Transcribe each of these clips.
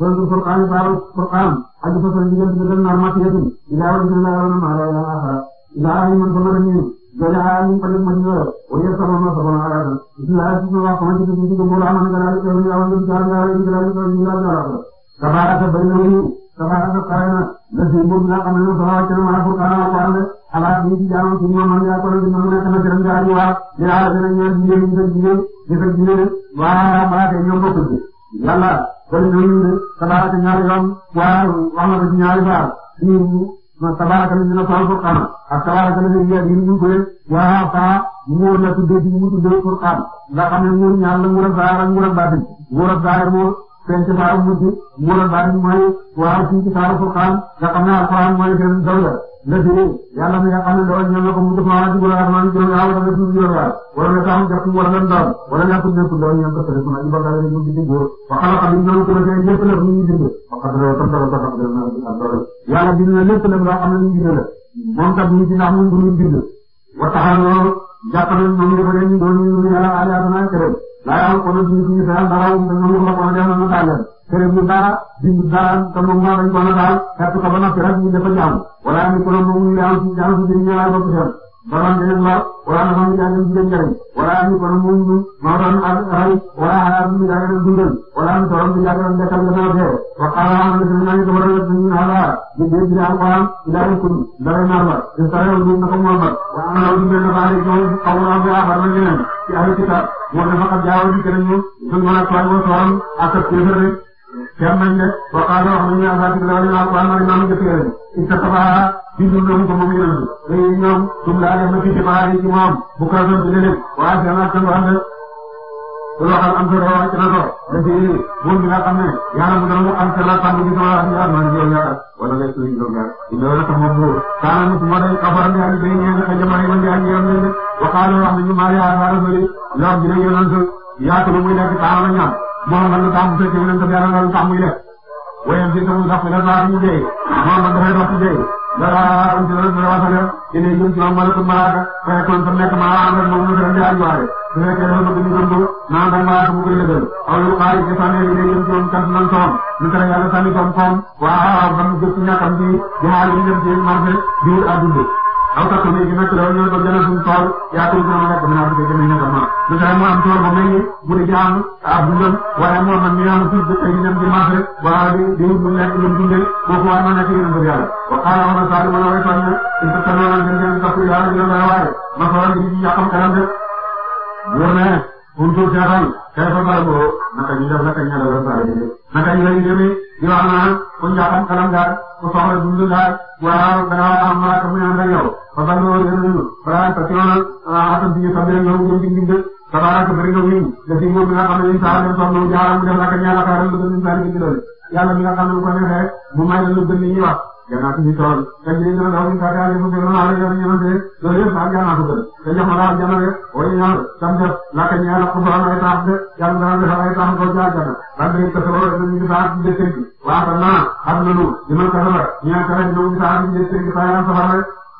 loolu Qur'aan baal Qur'aan ak di fasal diggante bi dem normal ci yëpp yi daa war a gis ne laa war a mën a laa yàlla xalaat daa am man sama dañuy jëlee xaaral ñu mën a mën a wala yëpp sama ma sama laa yàlla bisimilah ci sama wax man ci ci ci mbooloo amoon galaay ci ñu amoon dem jaar jaar yi galaay ci ñu jaar jaar tabaraka baynahu tabaraka qarana la ci mbur la xam ne sama ci ma Qur'aan ak waral ala ni ci jaamu ci mo man ya ko ni mo na sama jërëm jaar yi waa ya ala dina ñaan di ñu ñu di ñu di ñu waa ba te ñoo bokku yàlla bëri na ñu ne tabaaraka ñaari yoon waaw wax na ko ci ñaari baar suñu tabaaraka la ñu ne soxal Furqaan ak tabaaraka la ñu yàgg yi ñu koy waaw faa nguur la tuddee ci mu tuddee Furqaan nga xam ne nguur ñaar la nguur ak zaahir ak nguur ak baatin nguur ak zaahir moo feeñ ci saaru mujj nguur ak baatin mooy waaw fii ci saaru Furqaan nga xam ne alxuraan mooy seen dawla léegi yàlla mi nga xam ne dara ñëw na ko mu def maanaam dugub la ak maanaam juróomi ah wala nga tudd juróomi ah wala nga taamu gerte wala nga ndaw wala nga tudd lépp dara ñëw ko sa réew mi ba nga leen di dugg ba xalaat ak li ñu doon ko defee lépp lépp ñu ngi dindi ba xam ne tam dara dara dara na ci am dara yàlla bind na lépp lépp loo xam ne ñu ngi dindi moom kat ñu ci ndax mu ngi ñu bind wa taxaw jàpp nañ moom dafa leen ñu doon ñu yàlla aali atana kërëm laa yàlla ko doon ñu ñu dara dara mu ngi la ko def na mu tàlleen terewul dara bindu dara te moom moo dañu ko daal fekk ko ba noppi rek ñu def a jaamu. wala ñu ko doon moom ñu jaamu si jaamu si ñu ñëwaat ba ko jëm. balaa nga leen lor wala nga xam ne yaa ngi leen di jëriñ. wala ñu ko doon moom ñu moo doon ak ay wala xalaat ñu yaa ngi leen dundal. wala ñu ko doon ñu yaa ngi leen dekkal nga doon fee. wax dëgg yàlla xam ne dañu ko war a def ñu xalaat. ñu dégg di alquran ñu daal di ko dara ñaar ba. te sa yoon bi naka moo ba. wa am na lu mel ne baal yi ñoom xaw ma am yaa xam ne ñeneen ci ay kitab moo dafa xam jaaw bi keneen ñu. ñu mën a toog ba toog ak ak kéefër rek dem nañ de waxaana wax nañu asaabi bi la wala waa mari maam jëf leen ittaxabaha bindul nañu ko moom yonent bi léegi ñoom tum laa def na ci sibaar yi ci moom bu ko doon dina lépp waa si amaat kan wax de bu waxal am solo wàcc na ko da ci buur bi nga xam ne yàlla mu doon am solo tàmm gi sama wax ñu am man juróom ñaar wala ngay suñu juróom ñaar illa wala ko moom buur kaana mu suma day kafar ni ali day ñeen ka jamari man di ak yaram leen waxaana wax nañu maa yaa yaa rasuli lox dina yonent yaakalu muy nekk taala ñam moom lan la tax mu fekk yonent bi yàlla lan tax muy lekk wéyal ci tamit sax bi lan laa fi ñu dee moom lan dafay dox ci dee dara am ci loolu dina wasale ci ne jëm ci moom malakum malaaka fay kon fa nekk maa am rek moom mu gën di ajuwaare su fekkee dafa bëgg ñu gëm ko naan rek malaaka mu koy lëgal aw lu xaar ci sànni yi ne jëm ci moom kas nan toom lu tere yàlla sànni toom koom waaw ba mu gëpp ñàkkam bi di xaar yi dem ci marché di wut àddund aw tax tamit ki fekk dafa ñëw ba gën a suñ tool yaa ko gën a nekk dina am ci gën a lu tax am tool bu bu di jaamu ab dundam waaye moom man mi ngi am suuf bi tey dem di marché waaw di di mu nekk lu mu dundee kooku war na nekk yéen a yàlla wa qaala wa nasaali wala way toog na il faut que loolu lañ leen di toog yàlla di leen doy waaye ma soxla nit ñi yàqam kanam de. wóor na ne kuntu seetaan boo naka ñu def naka ñu def la saa yi naka ñu lay demee di wax naan ku yàqam kanam daal ku soxla dund daal waaw am malaaka mu ñaan rek yow fa bala tabaraka bëri na wiñ def moom mi nga xam ne incha allah soxna wu jaaram mu def la ka ñaala xaaral lu gën incha ci loolu yàlla mi nga xam ne bu ko neexee mu may la lu gën li ñuy wax gannaaw ci tool te ñu doon daw incha allah bu fekkee naa la yor ñëwante loolu yëpp sax gannaaw ko gën te jox ma daal jamono yëpp wala ñaar tam def la ka ñaala ku fa am ay tax de yàlla daal di xam ay tax koo jaajana rajo yi kese loolu dañu ngi saa ci jëkkër gi waaw xam naa xam nañu dina ko xelal ñu naan tamit ñu ngi saa ci jëkkër gi saa yaram safara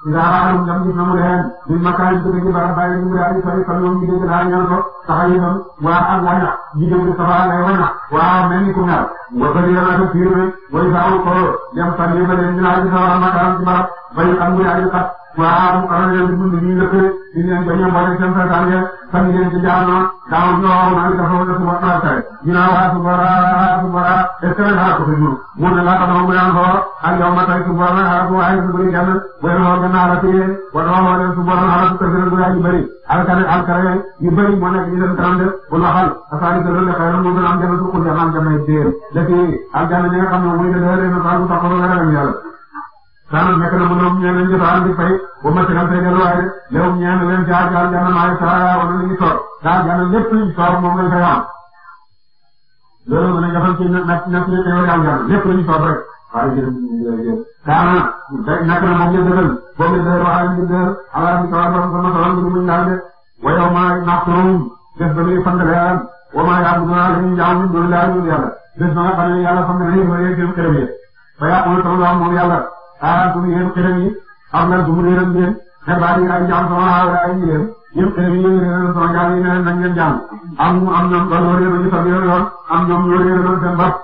ndaaraanam ndam gis na mu leen ñu makkaan ci dañu barab bàyyi ñu daal di sori kon ñoom ñu dégg daal ñal ko saxa yi doon waa ak wayna ñu dégg safa ngay wayna waa mel ni ku ngal wa bëri la ko fiir way saawu ko dem fan yi ba leen ñu daal di sawar makkaan ci barab bay xam ñu daal di xat waaw xanaa ngeen di dund ñu njëkk di leen bañ a boole seen santaane fan ngeen di jaar noonu daaw ñu waxoon naa ne dafa war a suba naa tare ñu naan waa suba waa suba est ce que nag ko fa jur mu ne laa taxaw mu naan xool ak yow ma tey suba na xaaral ko waaye su bëri kenn booy xool gën naa la téye wala waxoo leen suba na xaaral ko gën a bëri yu bëri alkare alkare yu bëri moo nekk di leen trente bu loxal asaani ko loolu xëy na mu gën a am jafe su ko jamaam jamay téye da ci aljanna ñi nga xam ne muy dëgg kaana nekk na mu ne mu ñëwee ñu daan di fay ba ma seqal tey delluwaay léegi mu ñëwee leen jaar jaar jàmm maa ngi saa wala li ñu toog jaar jàmm lépp luñ toog moom lañ fay am loolu mën nañ defal ci na na na suñu teewoo jaar jàmm lépp luñ toog rek waaye jërëjëf kaana nekk na moom ñu dëggal boobu ñu dëgër waaye ñu dëgër alaaka ñu tawar sama sama tawar ñu muñ daal de waaye maa naqturum def ba muy fandale yàlla wa maa yaabuduna li ñu jaamu ñu dul yàlla def ba nga xam ne yàlla xam ne dañuy xaaraantum yéen xërëm yi am na su mu réeram leen xebaar yi ay jaam sama xaaw ay yéen yéen xërëm yi yéen réeram sama jaam yi ne leen nañ ngeen jaam am am ñoom ba loo réeram ñu sa réer yoon am ñoom loo réeram seen bopp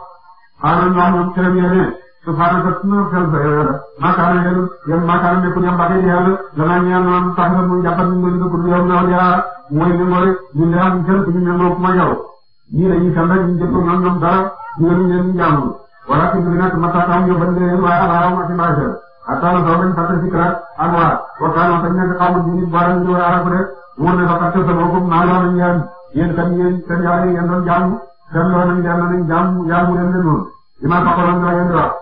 xaaral ñu wax ñoom xërëm yéen ne subhaanaka sunu xel sa yow la maakaana yéen yéen maakaana nekku ñam bakay di yàlla danaa ñaan noon tax na mu jàppat ñu ngeen dëkk yow naw yaa mooy ni mooy ñu ne am kenn ku ñu ne moom ma yow ñii dañuy kan rek ñu jëpp ñoom ñoom dara ñu ngeen ñu jaamu wala fi mu nekk Massakam yóbbaale leen waaye alaaw ma ci mbaaseel attaale soo bañ fàtte si kalaat ak waa waxtaan ak ñaari xaw ma ji nit baaraan ñu war a arafu rek wóor na ba fàtte sa boppam naa loo nañ yéen yéen tam yéen seen yàlla yéen doon jaamu seen loo nañ yàlla nañ jaamu jaamu leen leen noonu li ma fàttaloon dina yéen di wax.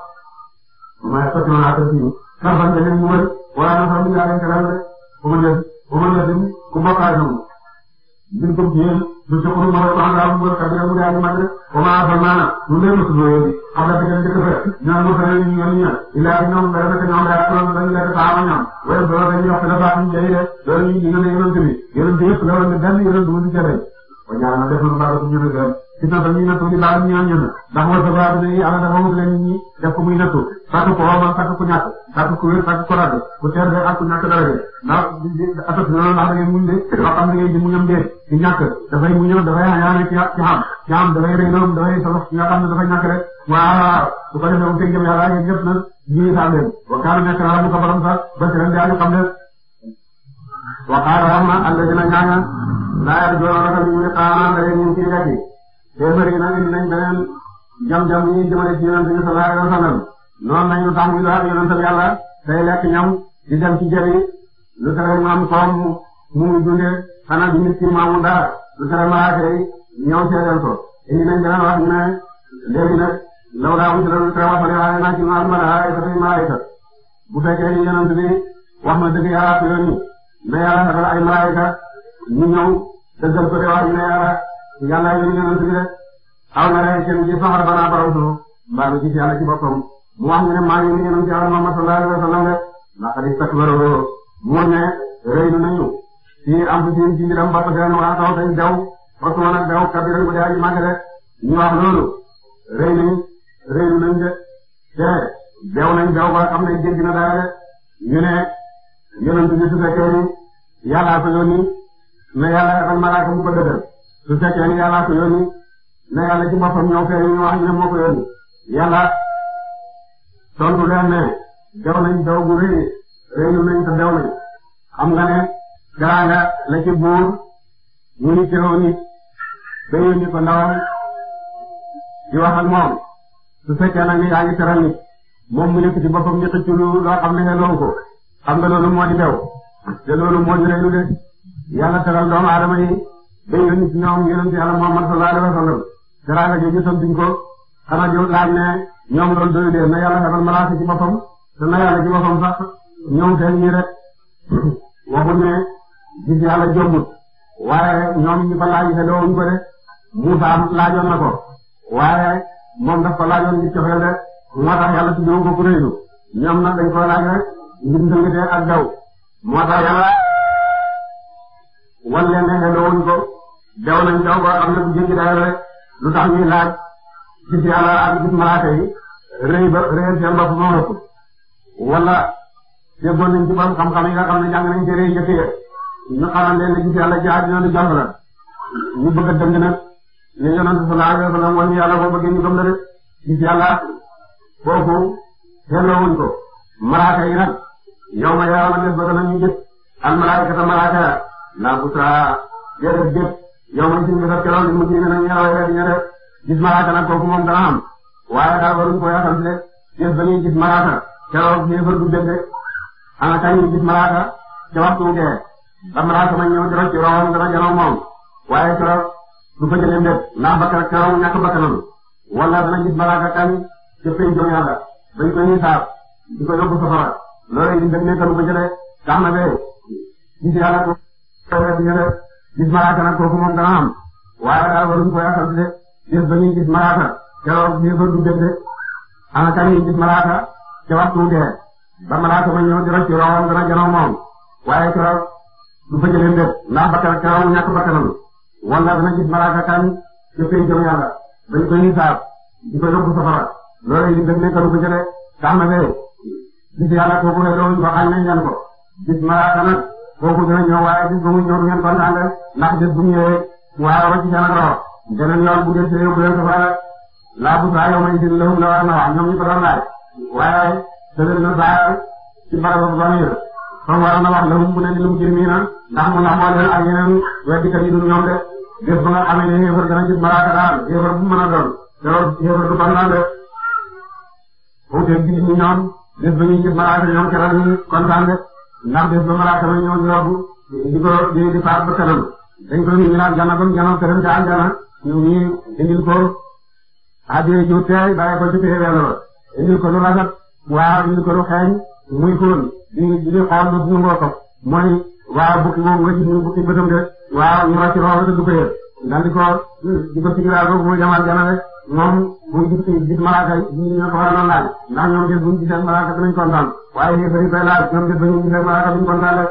ma sotti woon affaire bi sax bañ a leen mu wër waaye na sax bi yaa leen kalaat rek ku ma def ku ma def ku bokkaay noonu. biñ ko jiyee biñ ko ëllëg mooy wax daal mooy xam ne daal di màgg commencé maanaam ñu leen a suñu yéen xam nga dañu leen di def ñoom mos a leen ñu ñoom ñoom il a ñoom nga def ñoom daal loolu dañu leen di baax a ñoom wala borom dañuy wax dina baax ñu jëli de loolu ñu ñu ne yonent bi yonent yëpp la woon ne benn yonent bu ñu jëlee. kon ñaar na def lu baax la suñu si na dañuy nattu di baal ñu ñaan ndax dafa wut leen ñi def ko muy nattu sàkk ko ko ñàkk sàkk ko ko ragal ku teel de ak ku ñàkk dara de ndax attaque bi loolu ndax da ngeen muñ de dafay muñam dafay xañaane ci dafay rëy dafay sabax nga xam dafay ñàkk rek waaw su ko defee bu fekkee yàlla yéen ñëpp nag ñuy saa wa kaana nekk naa mu ko borom sax ba ci ren daa ñu xam ne wa qaala rahma alladina ñaanga laa yarjuuna ragal ñu ne xaanaan da ngeen ñu téeméer yi nag indi nañ beneen jam-jam yi jëmale ci yonent bi sallallahu alayhi wasallam noonu nañu tàmm yi ak yonentam yàlla tey lekk ñam di dem ci jëri lu tere mu am koom mu ngi dundee xanaa di nit ki mu amul dara lu tere malaaka yi ñëw seedeel ko indi nañ beneen wax ne léegi nag law daa wuti la lu tere waxale waaye naa ci ma almalaay sa tey malaayka bu fekkee ni yonent bi wax na dëgg yàlla ak yoon yi na yàlla xatal ay malaayka ñu ñëw dëggal ko de wax ñu ne yàlla yàlla yéen yonent bi de aw na leen seen ji saxar balaa baraw suuf mbaaru gis yàlla ci mu wax ñu ne maa ngi yonent yàlla Muhammad sallallahu alayhi wa sallam de laqad istakbaru mu ne rëy nañu fii am ci ci mbiram ba pare waa taw dañ daw parce que woon ak daw kabiran bu dee aji màgg de ñu wax loolu rëy nañ rëy nañ te daw nañ daw ne jéggi na dara de ñu su fekkee ni yàllaa ko yónni ne yàlla ci boppam ñëw fee ñu wax ne moo ko yónni yàlla tontu leen ne daw nañ daw bu rëy rëylu nañ te daw nañ xam nga ne garaanga la ci buur ñu ni teewoo nit ba yónni ko ndawam di wax ak moom su fekkee nag ne yaa ngi teral moom mu nekk ci boppam ñu xëcc lu loo ne yelloo ko xam nga loolu moo di daw te loolu moo di rëylu de yàlla teral doomu aadama yi day yónni ci ñoom yonent Yàlla Muhammad sallallahu alayhi wa sallam garaaga jooju santuñ ko xanaa yow laaj ne ñoom loolu doyu leen na Yàlla xebal malaaka ci boppam ci boppam sax ñoom feeñ ñi rek waxuñ ne gis Yàlla jombut waaye ñoom ñu ko laaj te dowuñ ko de Muusaa laajoon na ko waaye moom daf ko laajoon ngir cofeel de moo tax Yàlla tuddewu ko kuréelu ñoom nag dañ ko laaj rek ngir ndëngte ak daw moo tax Yàlla wan leen ne ko daw nañ daw ba am na lu tax ñuy laaj gis yàlla ak gis malaaka yi rëy ba rëyal seen bopp moo ëpp wala déggoon nañ ci borom xam-xam yi nga xam ne jàng nañ téere njëkk ya ñu xamal leen ne gis yàlla jaar dina lu jàll la ñu bëgg a dëng nag ñu yonent sallallahu alayhi wa sallam wax ñu yàlla boo bëggee ñu gëm la rek gis yàlla foofu xelloowuñ yow ci ñu defar keroog li mu ji nañu ñaar waaye dañuy def gis malaaka nag kooku moom dana am waaye dara waruñu ko yaatal ci def ba ñuy gis malaaka keroog ana kañ ñu gis malaaka ca ba malaaka ma ci roon dana janoo moom waaye keroog du fa jëlee mbéb ndax bakkan keroog ñàkk bakkanam wala dana gis malaaka kañ ca pay jom yàlla bañ koy xisaab di ko yóbbu safara loolu it dañ nekkal ba jëlee tax bee gis yàlla ko. gis malaaka nag kooku moom dana am waaye daal waruñu koy asal de de ana kañ ñuy gis malaaka waxtu dee ba malaaka ma ñëw di rëcc roxoom dana janoo moom waaye keroog du fa jëlee mbir ndax bakkan keroog ñàkk bakkanam wala dana gis kan ca fay jëm yàlla dañ koy hisaab di ko safara loolu yi dañ ne karu ko jëlee tax na fee gis yàlla kooku ko xañ nañ ñan ko gis malaaka nag kooku dina ñëw waaye bis ba muy ñëw du ngeen ko naan ndax bés bu ñëwee waaye ba ci seen roor beneen yoon bu ngeen see bu leen ko laa bu saa yow may dindi la la war na ñoom ñu ko doon laaj waaye dëgg na saa ci barab bu baax yëpp comme na wax lahum bu ne lu mu jëmee na mu ndax moo leen ak yeneen weddikat yi dul ñoom de bés ba nga xamee ne yéefar dana gis malaaka daal yéefar bu mën a doon te loolu yéefar du ba ñuy ñoom keroog ñu kontaan ndax des ba malaaka ma ñëw ñor di ko di di ba kanam dañ ko ñu naan gànnaaw ba mu gànnaaw këram te àndana ñu indil ko adde ju teey bàyyi ko ci téere Yàlla ba indil ko lu rafet waaw indil ko lu xeeñ muy fóon di di xool lu suñu ngoo ko mooy waaw bukki boobu nga gis ñu bukki bëtam de waaw ñu ràcc lool te du ko yëg daal di ko di ko sigilaal boobu muy demal gànnaaw rek moom buñ gis gis malaaka yi ñu ñoo ko waroon laaj ndax ñoom gis buñ gisee malaaka dinañ kontaan waaye ñi bëri koy laaj ñoom gis buñ gisee malaaka duñ kontaan rek.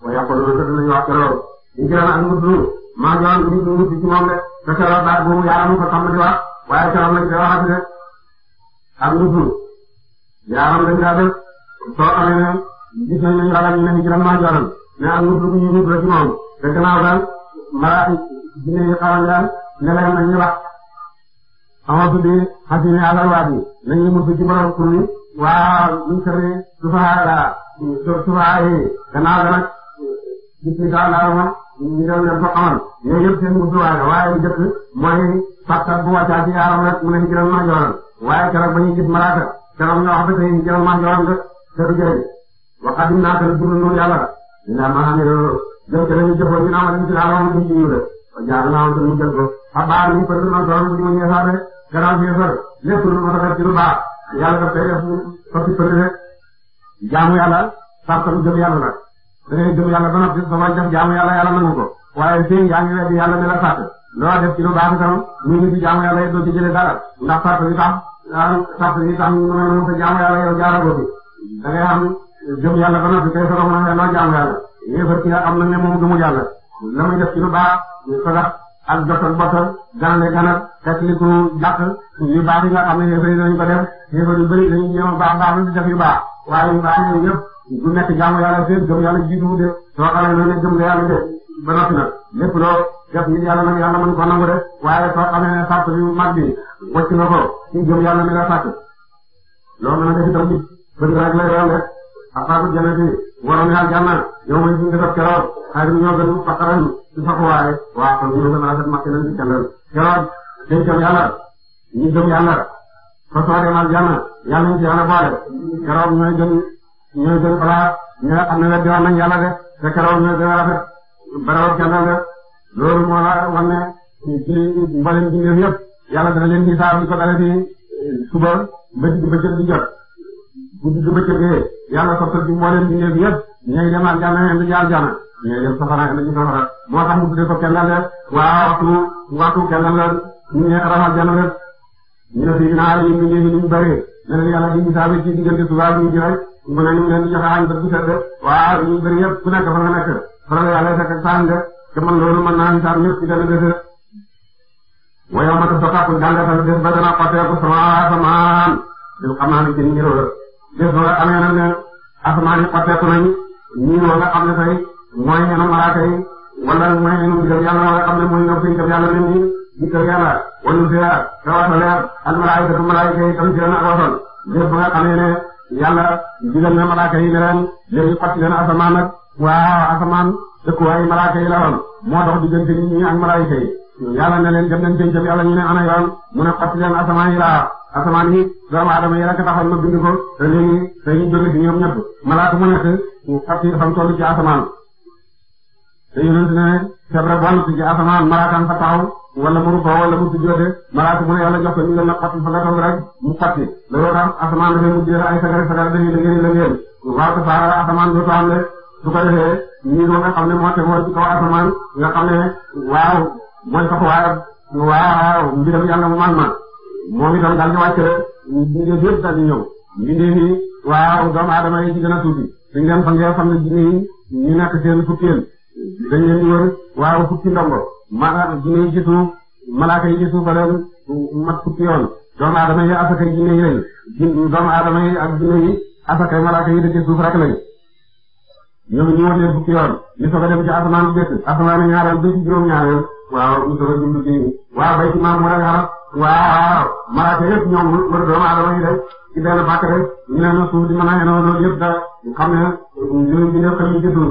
waaye yàqu loolu te dinañ wax loolu. ñu jëloon ak mu dund maa ngi wax lu ñu ci moom de te keroog baat boobu yàlla mu ko tàmm di wax waaye keroog lañ koy waxati de ne ak mu dund ñu dund la ci moom te gannaaw daal malaaka yi dinañ xaw a ñaan ne leen nañ ñu amatu bi xasini alal waadi nañu musu ci borom tur wi waa min sharri sufahaa sufahaa yi gannaaw ga nag gis ni daa laa moom ñu dem leen ko xamal yooyu yëpp waaye njëkk mooy fàttal bu wàccaa ci yaaram rek mu ne ma jooram waaye keroog ba ñuy gis malaaka keroog nga wax ba tey hijiral ma jooram rek te du jëriñ waxaat bi naa ko dund yàlla ila ma xam ne jëm ca lañu jëfoo ñu naan wala ñu ci alal moom duñ ci yiw de jaaru naa woon mu jël ko xabaar garaaw bi yëfër lépp lu rafet ci lu baax yàlla daf koy def sotti përi rek jaamu yàlla sartalu gëm yàlla nag da ngay gëm yàlla ba noppi soo koy def jaamu yàlla yàlla nangu ko waaye fii yaa ngi weddi yàlla ne la sart loo def ci baax itam ñu ngi ci jaamu yàlla doo ci jëlee dara ndax sart yi tax ah, sart yi tax ñu mën a jaamu yàlla yow jaaragoo fi da ngay xam gëm yàlla ba noppi kay soog a mën a loo jaamu yàlla yëfër ki nga am na ne moom gëmul yàlla la muy def ci lu baax ñu ko def al gottal gottal ganale ganal fekk li ko yàq yu baax yi nga xam ne yéefar yi dañu ko def yéefar yu bëri dañu ñëw baax baax lu di def yu baax waaye yu baax yooyu yëpp du nekk jaamu yàlla seen gëm yàlla jiitu de ne gëm la de ba noppi nag loo def ngir yàlla nag yàlla mën ko nangu de waaye soo xamee ne sàrt bi mag bi wàcc na ko ci gëm yàlla mi nga sàrt loo mën a def itam bëgg rek a doon rek asaabu jannati waroon yàlla jànnal yow mooy suñu defar keroog xarit ñoo gën faqaran su fa ko waaye waaw kon ñu gën a rafet màcc nañ ci jàngal keroog yàlla ñu gëm yàlla fa soo demal yàlla ñu ci yàlla boole keroog ñooy gën ñooy gën nga xam ne weddi woon nañ yàlla de te keroog ñooy gën a rafet barawat jàngal de loolu la wan ne ci mboolem bi ngeen yëpp yàlla dana leen ci saaru ko dale fi suba ba digg bëccëg di jot bu digg bëccëgee yàlla sottal ci mboolem bi ñooy dem aljana indi aljana dem safara indi safara moo mu tuddee ko kenn waa waxtu waxtu kenn la ñu ne aljana rek ñu ne fii naa yi ñu ngi ñu bëri ne leen yàlla di gisaabe ci diggante subaa ñu ji rek mu ne ñu leen di joxe añ bu sedd waa ñu bëri yëpp ku nekk fa nga nekk fa la yàlla fekk ak saan de te man loolu mën naa hisaab ñëpp ci benn bés waaye ma ko soxaakul gàncax gi des ba dana xotteeku sama asamaan asamaan yi xotteeku nañu ñun ñoo nga xam ne tey mooy ñanam malaaka yi wala mooy ñanam digal yàlla wala xam ne mooy ñoom suñu digal yàlla leen di digal yàlla wala suñu rawatina leer al malaayikatu malaayika yi tamit si leen ak wasal lépp nga xamee ne yàlla digal na malaaka yi ne leen léegi xotti leen asamaan asamaan dëkkuwaayu malaaka yi la woon moo dox diggante nit ñi ak malaayika yi yàlla ne leen dem leen jëm yàlla ana yoon mu ne xotti leen asamaan yi doomu aadama yi rek ma bind ko te léegi dañuy jóge ci ñoom ñëpp malaaka mu nekk xas yi xam toll ci asamaan te yonent ne febre wàllu ci asamaan malaakaam fa taxaw wala mu rubboo wala mu sujjóote malaaka mu ne jox ko ñu la xatti fa nga toll rek mu xatti loolu tax asamaan dafay mujjee ay sagare sagare dañuy lëngeen lëngeen waaw te saara asamaan dootu am de su ko defee ñii nga xam ne moo te moo ci kaw asamaan moom itam daal di wàcc rek mbindeef yëpp ñëw mbindeef yi waaw doomu aadama yi ci gën a tuuti suñ leen fangee xam ne jinne yi ñu nekk seen fukki dañ di wër waaw fukki ndombo ma jinne yi ci suuf malaaka yi ci suuf ba leen mat fukki doomu aadama yi asakay jinne yi lañ doomu malaaka yi da suuf rek lañ ñoom ñu wër leen fukki yoon a dem ci asamaan bu jëkk asamaan ñaareel ba ci juróom-ñaareel waaw ñu soog a dund ci waaw bay ci maam mu rek xarab waaw malaaka yëpp ñoom wër doomu aadama yi rek ci benn bàkk rek ñu ne na suuf di mën a yenoo loolu yëpp da xam ne juróom bi nekk ñu jëddu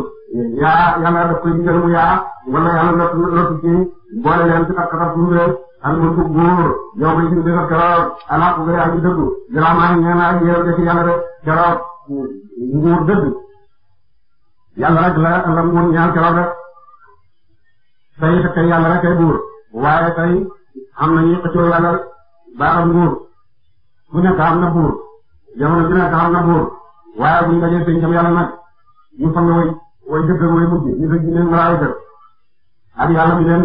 yaa yàlla daf koy digal mu yaa wala yàlla lot lotu ci boole leen ci takkata suuf rek al mulku góor yow may sin désaf keroog alaa ko yaa ngi dëggu jëlaamaay ñee naa yéew de ci yàlla rek keroog nguur dëgg yàlla rek la la nguur ñaan keroog rek tey tey yàlla rek kay buur waaye tey am na ñuy xëccoo yàlla baaxal nguur na buur jamono bu nekk na buur waaye bu ñu dajee seen jëm yàlla nag ñu fang way way dëgg way mujj ñu dëgg leen malaayika ak yàlla mi leen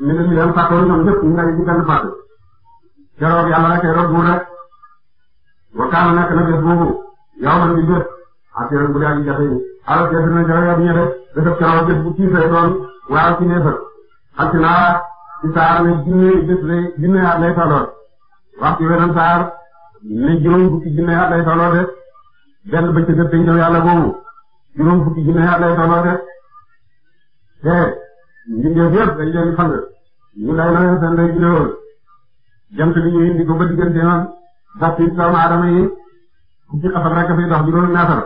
mi leen mi leen fàttali ñoom ñëpp ñu daje ci benn fàtt keroog yàlla rek keroog buur rek waxtaan nekk na bés boobu yow man di bés affaire bu daal di jafe yi alors que dina jafe yow ñebe dafa keroog bés bu tiisee doon waaw ci neefar ak ci naa ci saar ne junne bés junne at lay tolloo wax weneen saar ne juróom fukki junne at lay tolloo de benn bëccëg ak peññew yàlla boobu juróom fukki junne at lay tolloo de te mbindeef yëpp dañ leen di fang ñu lay looyal seen lay bindewal jant bi ñu indi ko ba diggante noonu bàtt yi doomu aadama yi fukki xasal rek a dox juróomi naatar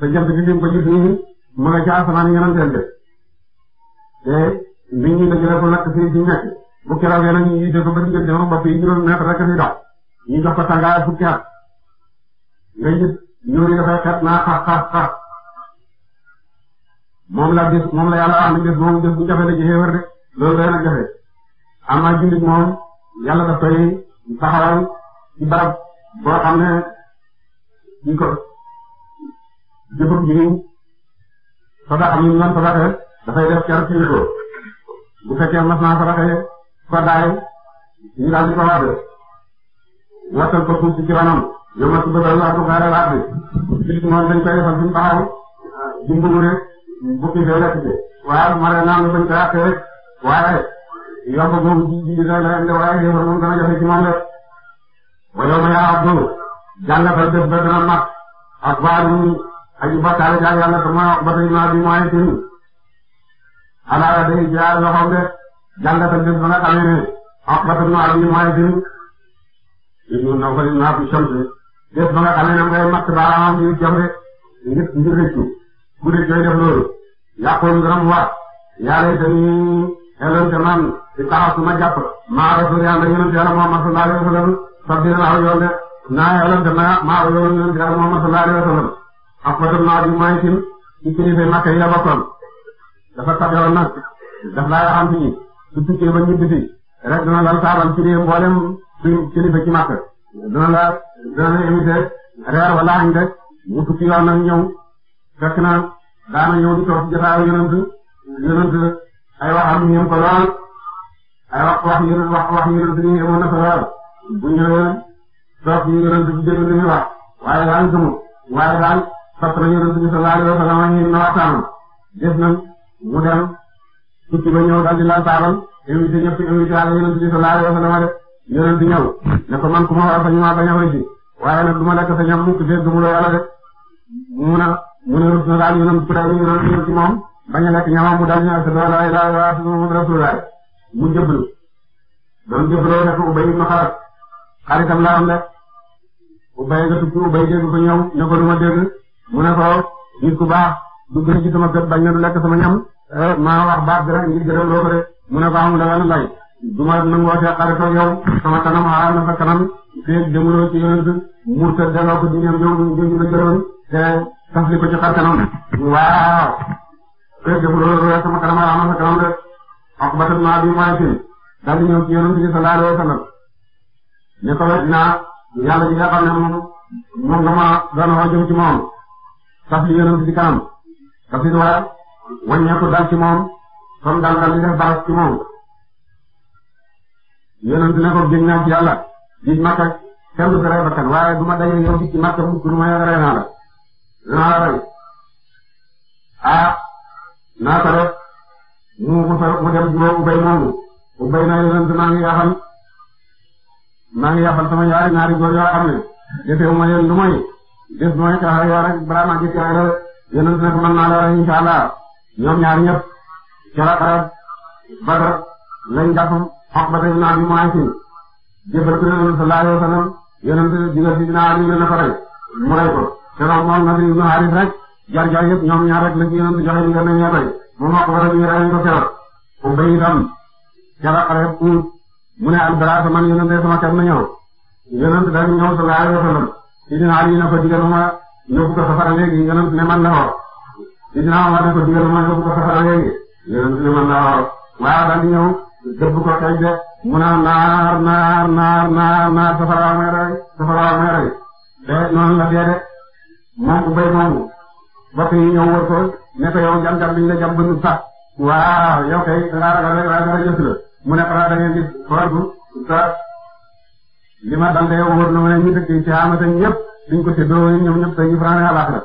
te jant bi fi mu ko gis nii mu nga ca asamaan yi nga de nit ñi dajale ko lakk fii fi nekk bu keroogee nag ba diggante moom bopp yi juróom mètre rek fi dox ñu jox ko tàngaay fukki dafay xet naa xar xar moom la gis moom la yàlla wax ne gis moom moom yàlla daf koy taxawal barab boo xam ne ñu ko jëfam jigéen sadax am ñu lan sadaxee dafay def car ci ko bu fekkee mas naa saraxee fadaay ñu daal di ko waabe wattal ko suuf si ci ronam ñoom ak bëgg a yaatu gaare laaj bi fii moom dañ koy defal suñu taxaw dimbalu rek bukki fee lekk ci waaye mare naan la bañ ko yàqee rek waaye yomb boobu ji ji day leen de waaye xéefar moom dana jafe ci moom de wa yow ma yaa abdu jàngatal def ba dana mat ak waa ñu aji bakkaale jàng yàlla te mooy wax ba tey naa bi mooy alaala day jaar loxoom de jàngatal bés ba nga xamee ne Uqbatu ibn Abi Muayt ibnu Nawfal ibn Abi Shams bés ba nga xamee ne ngay mat baaraamam di jam de ngir ngir rëccu bu dee koy def loolu yàqoon gërëm war yàlla itam xeloon te man ci taxaw su ma jàpp maa rasul yàlla yonent yàlla Muhammad sallallahu alayhi wa sallam sabbi na laaw yoon de naa xeloon te ma maa rasul yonent yàlla Muhammad sallallahu alayhi wa sallam Uqbatu ibn Abi Muayt ci kilifa Makka yi la bokkoon dafa tabewoon nag daf laa waxam fii su tukkee ba ñibbi fi rek dina la saabal ci réew mboolem suñ kilifa ci màkk dina la dina la invité reer wala añ rek mu tukki yoon nag ñëw fekk na daana ñëw di toog ci jotaayu yonent yonent ay waxam ñeem ko lool ay wax wax yonent wax wax yonent ñu ñeemoon na ko lool bu ñëwee toog ci yonent bi dégg li muy wax waaye daal gëmu waaye daal sopp na yonent bi sallallahu alayhi wa sallam ñu na waxtaan def nañ mu dem tukki ba ñëw daal di la saabal invité ñëpp invité waale yonent bi ñëw ne ko man ku ma war fa ñu ma bañ a waaye nag du ma lekk ñam mukk de gëmuloo yàlla de mun a mun a rëdd na daal yonent ku daal yonent ñëw ci moom bañ a mu daal ñu ashhadu an laa ilaaha illallaah muhammadur rasuulullaah mu jëblu doon jëbloo ne ko Ubay ibn Xalaf xaritam nga tukki ñëw ne ko lu ma mu ne ko nit ku baax dugg ci sama gët bañ na du lekk sama ñam eh, maa wax baat bi rek ngir gërëm loo ko de mu ne ko amul dara lay du ma nangoo see xarit ak yow sama kanam xaaral na sa kanam feeg demuloo ci yonent murta bi mooy fii daal di ñëw ci yonent bi sallallahu alayhi wa sallam ne ko naa yàlla ji xam ne moom moom nga ma doon wax ci moom taf li yonent bi kanam dafay waral wàññeeku dal ci moom comme dal ci moom yonent ne ko gën naa yàlla gis makka kenn du teree bakkan waaye du ma daje yow ci makka mukk lu ma yoree naa la dinaa la rey ah naa ko def mu mu dem juróom ubay moomu ubay na yonent maa ngi yaxal maa ngi yaxal sama ñaari ñaari góor yoo xam ne defee ma yéen lu mooy def mooy taxaw yoo rek balaa maa gis yaay la yonent nag mën naa la rey incha allah ñoom ñaar ñëpp calaxara Badar lañ jàpp xox ba tey naa bi mooy si jëfal ko yonent sallallahu alayhi wa sallam yonent digal si dinaa Ali na ko rey mu rey ko te loolu moom Nadr ibn Harith rek jar jar yëpp ñoom ñaar rek la ci yonent joxe li nga ne ñoo tey moom xox ba tey ñu rey ko keroog mu béy itam calaxara yëpp mu ne albara sama yonent sama kër na ñëw yonent dañ ñëw sallallahu alayhi wa sallam si dinaa Ali na ko digal ma yóbbu ko safara léegi yonent ne ne man la war waaw daal di ñëw dëbb ko kay de mu naan naar naar naar naar safara may rey safara may rey te noonu la dee de moom bu bay moomu bokk yi ñëw wër ko ne ko jam jam biñ la jam ba sax waaw yow kay dangaa ragal rek waaye dara jëf la mu ne xanaa ah, da ngeen li ma dal de wër na ma ne ñu dëkk ci xaamata ñëpp duñ ko séddoo ñoom ñëpp tey ñu faraane alaaxira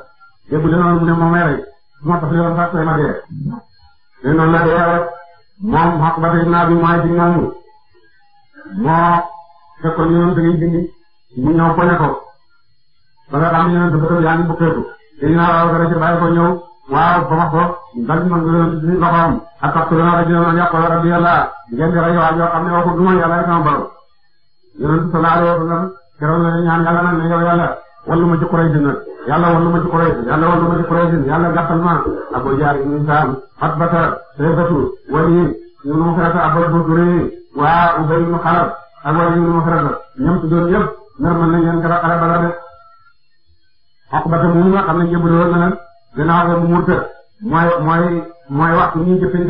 yóbbu leen woon mu ne moom may rey moo tax leen sax tey ma dee. léegi noonu la dee rek moom xaq ba tey naa bi mooy ci ñoom moo fekkoon yonent yi dindi ñu ñëw poñe ko ba nga xam ne yonent ba tey yaa ngi bukkeeku léegi naa waaw dara ci bàyyi ko ñëw waaw ba wax ko ndax man loolu suñu loxoom ak parce que loolu rek dina doon yàq wala rajo yàlla ngeen di rajo waaw ñoo xam ne waxu duma yàlla rek sama borom yonent sallallahu alayhi wa sallam keroog la ñaan yàlla nag ne yow yàlla wallu ma ci Quraysh na yàlla wallu ma ci Quraysh yàlla wallu ma ci Quraysh yàlla gàttal ma Abu Jahl Hishaam Utbata Shayba Waliid ibn Muxrata Abu Zuray waa Ubay ibn Xalaf ak Waliid ibn Muxrata ñoom tuddoon yëpp mer mën nañ leen dara xale bala de Uqbata mu nga xam ne jébbalu woon na gannaaw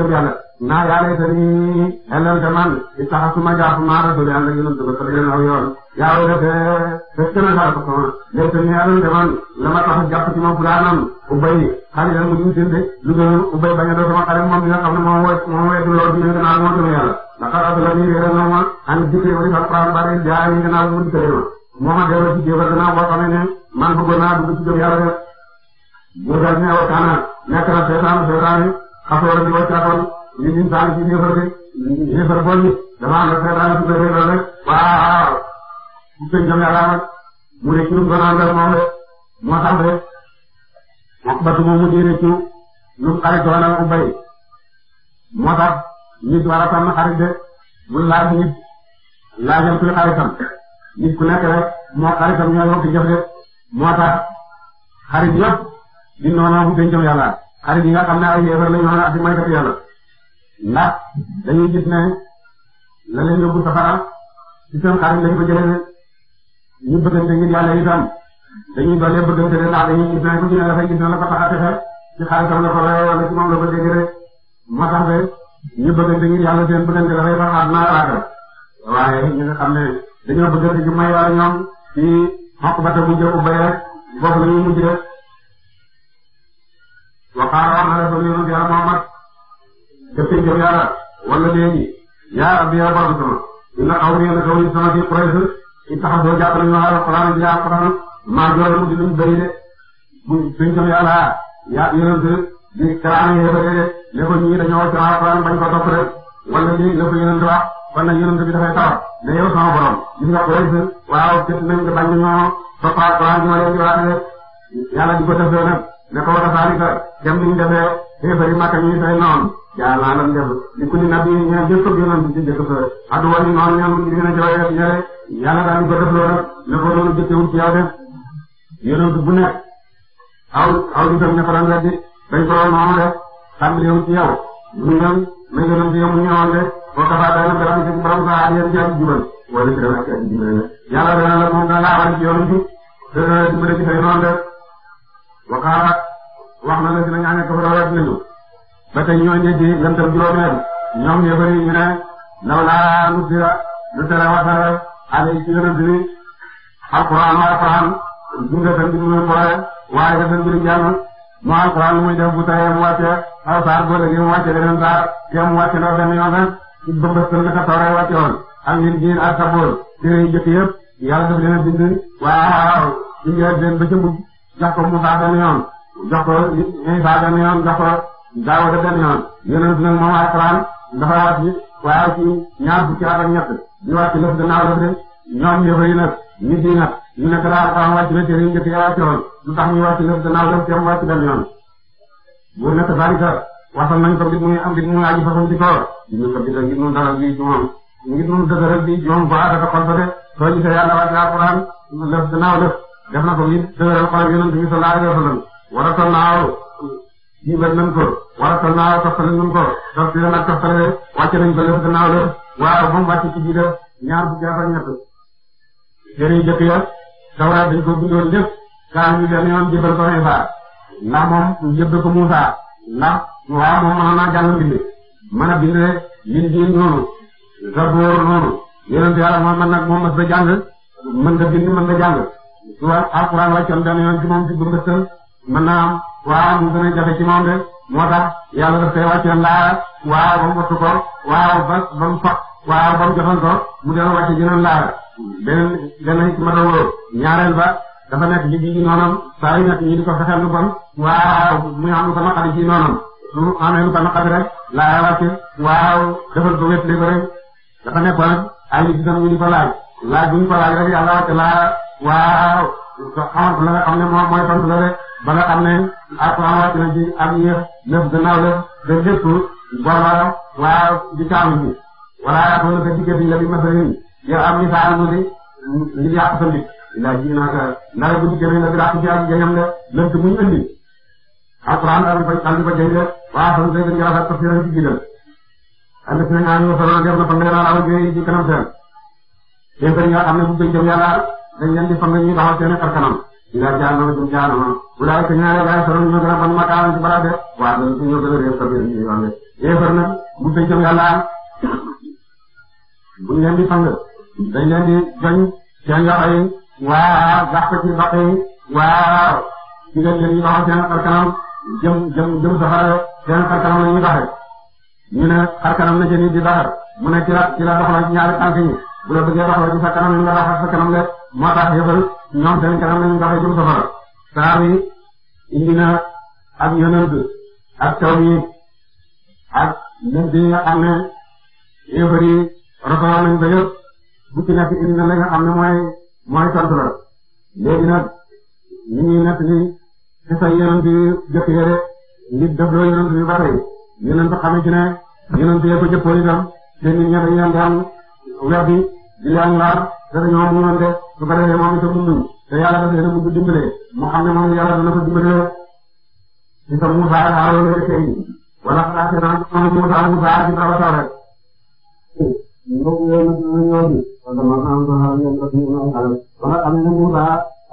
ga naa yàlla itam nii xelal te man it taxasuma jaafuma rasul yàlla yonent sa yoon aw yoon yàlla defee fekk na dara parce que lépp ñu yàlla defoon la ma tax jàpp ci moom fulaanoon ubbay xale la mu ñu jënde lu ubbay bañ a doon sama moom bi nga xam ne moom wet moom wetu lool dina gën a moo gën a yàlla ndax ak la ñuy réew na ma an dikkee wala sax xaram bari jaay nga mu dikkee ma moo ma delloo ci jéego gannaaw boo xam man bëggoon naa dugg ci jëm yàlla rek mu dal ne waxtaan nekk na seetaan seetaan yi xasoo di bu pencam yàlla nag mu ne ci lu doon àndal rek moo tax rek akbatu moomu di rëccu lu xarit doon ak ubay moo tax nit war a tànn xarit de bul laaj nit laajal kuy xaritam nit ku nekk rek moo xaritam ñoo yokk jëf de moo tax xarit yëpp di noonu bu pencam yàlla xarit yi nga xam ne ay yéefar la ñu wax ak di maykatu yàlla ndax dañuy gis ne la leen yóbbu safara ci seen xarit lañ ko jëlee ñu bëggante ngir yàlla itam dañuy doole bëggante ne ndax dañuy gis naa ko ci ne dafay gis na la ko tax a texe ci xaalisam la ko moom la ko dégg rek moo tax de ñu bëggante ngir yàlla seen bëggante dafay a naa raaka waaye ñi nga xam ne dañoo bëggante ci may wala ñoom ci ba te mu jëm ubbe rek foofu mujj rek waxaana wax na la soo yonent yàlla Muhammad def ci jëm yàlla wala léegi yaa rabbi yaa borom sama inna qawmi yéen a sama ci Quraysh i tax a doon jàppale ñu waxal alxuraan bi alxuraan maa joxe mu di luñ bëri de muy suñ ko yàlla yaa yonent di kalaame yéefare de ne ñii dañoo wàcc alxuraan bañ ko topp rek wala lii la ko yonent wax kon nag yonent bi dafay taw ne yow sama borom gis nga koy gis waaw gis nañ ko bañ ñoo topp alxuraan bi ma leen di wax de yàlla di ko defee nag ko war a saali ka dem liñ defee yéefari màkk ñuy say noonu yaa laa doon def li ku ni nabi ñeneen jëpp yonent ci jëkk sa adu wàññi noonu ñoom ñu gën yàlla daal di ko def loola ne ko loolu jëkkewul ci yow def yonent bu nekk aw aw ñu dem ne ko daan weddi dañ ko woon noonu def tàmbaliwul ci yow ñu ñëw ne yonent yow mu ñëwoon de boo ko faa daan dara ci borom saa ak yéen ci ak jubal wala ci dem ak ak jubal yàlla dana la moom da laa war ci yonent bi dana la dimbale ci say noonu def waxaara wax na la dina ñaanee ko fa dara dinañu ba tey ñoo ñetti lantam juróomeer ñoom ñoo bëri ñu ne law laa lu dira lu dara wasara amee ci yonent bi alquran ma alquran jumlatan bi muy boole waaye dafa mbiri jàng mu alquran lu muy def bu tawee mu wàcce aw saar boo léegi mu wàcce beneen saar ya mu loo benn yoon rek ci bëmbëstal naka tawre woon ak lin diin ak saboor téere yi jëkk yëpp yàlla daf leen a bind waaw indiwaat leen ba ca mujj jox ko Musaa benn yoon jox ko Isaa benn yoon jox ko Daawuda benn yoon yonent nag moom alquran dafa wàcc waaw ci ñaar fukki at ak ñett ñu wàcc lëf gannaaw lëf rek ñoom ñëfa yi nag ñu di nag ñu ne kala alxuraan wàcc na téere yi njëkk ya wàccoon lu tax ñu wàcc lëf gannaaw lëf teem wàcc benn yoon mu ne tabarika waxal nañ ko ngir muy ci kaw ñu ko bindal ngir mu dalal bi juum ngir mu dëgëral bi juum bu aada ko xol ba de soo gisee yàlla wàcc alxuraan na ko ngir dëgëral xol yonent bi sallallahu alayhi wa sallam war a toll naaw ci bañ nañ ko wala naa toftale nañ ko toftale nag toftale wàcce nañ ko lépp gannaaw ci ji def ñaar bu ak ñett téere yu jëkk ya tawraat dañ ko bindoon lépp kaa ñu benn yoon jëbal ko Iisaa ndax moom jëbal ko Muusaa ndax waaw moom mënoon naa jàng mbind mën a bind Injiil noonu Zabuur noonu yonent Yàlla Muhammad nag moom mës na jàng mën nga bind mën nga jàng su Alxuraan wàccoon benn yoon ci moom ci bëgg mën naa waaw mu gën a jafe ci moom de moo tax yàlla daf koy wàcce laara waaw ba mu wattu ko waaw ba ba mu faq waaw ba mu joxoon ko mu doon wàcce gënoon laara beneen beneen hikma doon ñaareel ba dafa nekk ci ji noonam saa yu nekk ñu di ko fexeel lu bon waaw muy am lu ko naqari ci noonam su amee lu ko naqari rek laara wàcce waaw defal ko wet rek ay nit itam ñu di ko laaj laaj bu ñu ko rek yàlla wàcce laara waaw xamal xam ne moom mooy tontu rek ba nga xam ne alxuraan wàcc ci ak yéex lëf lëf ba lépp waa di caamu ji wala yaakaar naa ne diggante yi la bi masalin yow am ni saa mu di ngir yàq sa nit ndax ji naa nawet bu diggante la bi daa ko ci ak jañam la lënt muñ indi alxuraan daal di ko daal di ko jañ la waa xam nga dañ koy rafet parce que dañ ci jiital. ànd si ne ñaari ñoom solo def na fa nga daal aw jëyee ci kanam seen. kéem seen yoo xam ne bu jëm yàlla dañ leen di fa nga ñuy taxaw kanam. ila jahannama jëm jahannama walaay te ñu ne la gars yi faral ñoo gën a bon makkaan ci balaa def waaw ñoo gën a réer yàlla buñ leen di dañ leen joñ seen loxo yi waaw baax ko kanam jëm jëm jëm safara kanam la ñuy doxee ñu ne xar kanam la jënd di doxal mu ne ci la ci la doxaloo ci ñaari tànk la bëggee doxaloo ci kanam la moo tax yëfal ñoom seen kanam lañu baaxee jëm safara saar ak yonent ak taw ak lépp xam ne yéefar yi rafetal nañ ko yëpp bu nekk indi na la ne mooy mooy tontu la nag ñu nekk ni ci sa jëkk yére nit def loo yonent bi ba tey yonent xamee ci ne yonent yee ko jëppoon te nit ña dañu leen daan weddi di laar te dañoo muñante su ko defee moom itam mu muñ te yàlla daf leen a mujj dimbale mu xam ne moom yàlla dana ko dimbale itam Musa ak Haaruna ak Sey wala xalaatee naa moom Musa ak Musa ak Ibrahima taw rek. ñoom ñoo ñoo ñu wala man am na ñoom ñoo ñu am xale wala am na Musa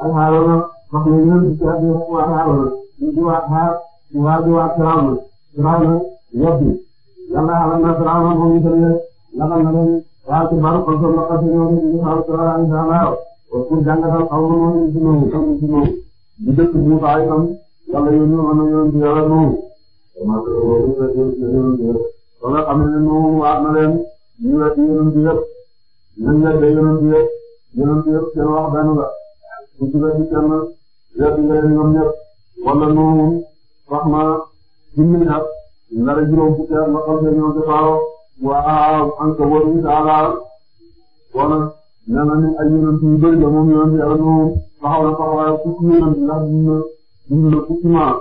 ak Haaruna wax nañu ñoom ñu ci ak ñoom waa Haaruna ñu di waa Haar ñu waa di waa Firawna Firawna yóbbi yàlla xamal na Firawna moom itam ne laxal na leen waaw ci baro kon soog ndox ak ñoom ñu ngi xaar ci wàllu incha allah waaw pour jàngatal xaw ma noonu ñu ci noonu xam ñu ci noonu ñu dëkk ñu bàyyi tam yàlla yónni woon na yónni yàlla noonu. waaw loolu la ñu la yónni yëpp loolu xam nañ ne noonu waat na leen ñu la yónni yëpp ñu la yónni yëpp yónni yëpp seen wax benn la ku ci la ci kenn yëpp nga leen ñoom ñëpp wala noonu wax ma junni at nar a juróom fukki at nga xam ne ñoo ci faaroo. waaw ankabóot yi daal wala nee na ni ay yonent yu bëri la moom yonent yàlla moom taxaw na taxawaay fukki yonent ndax dund na dund na fukki maam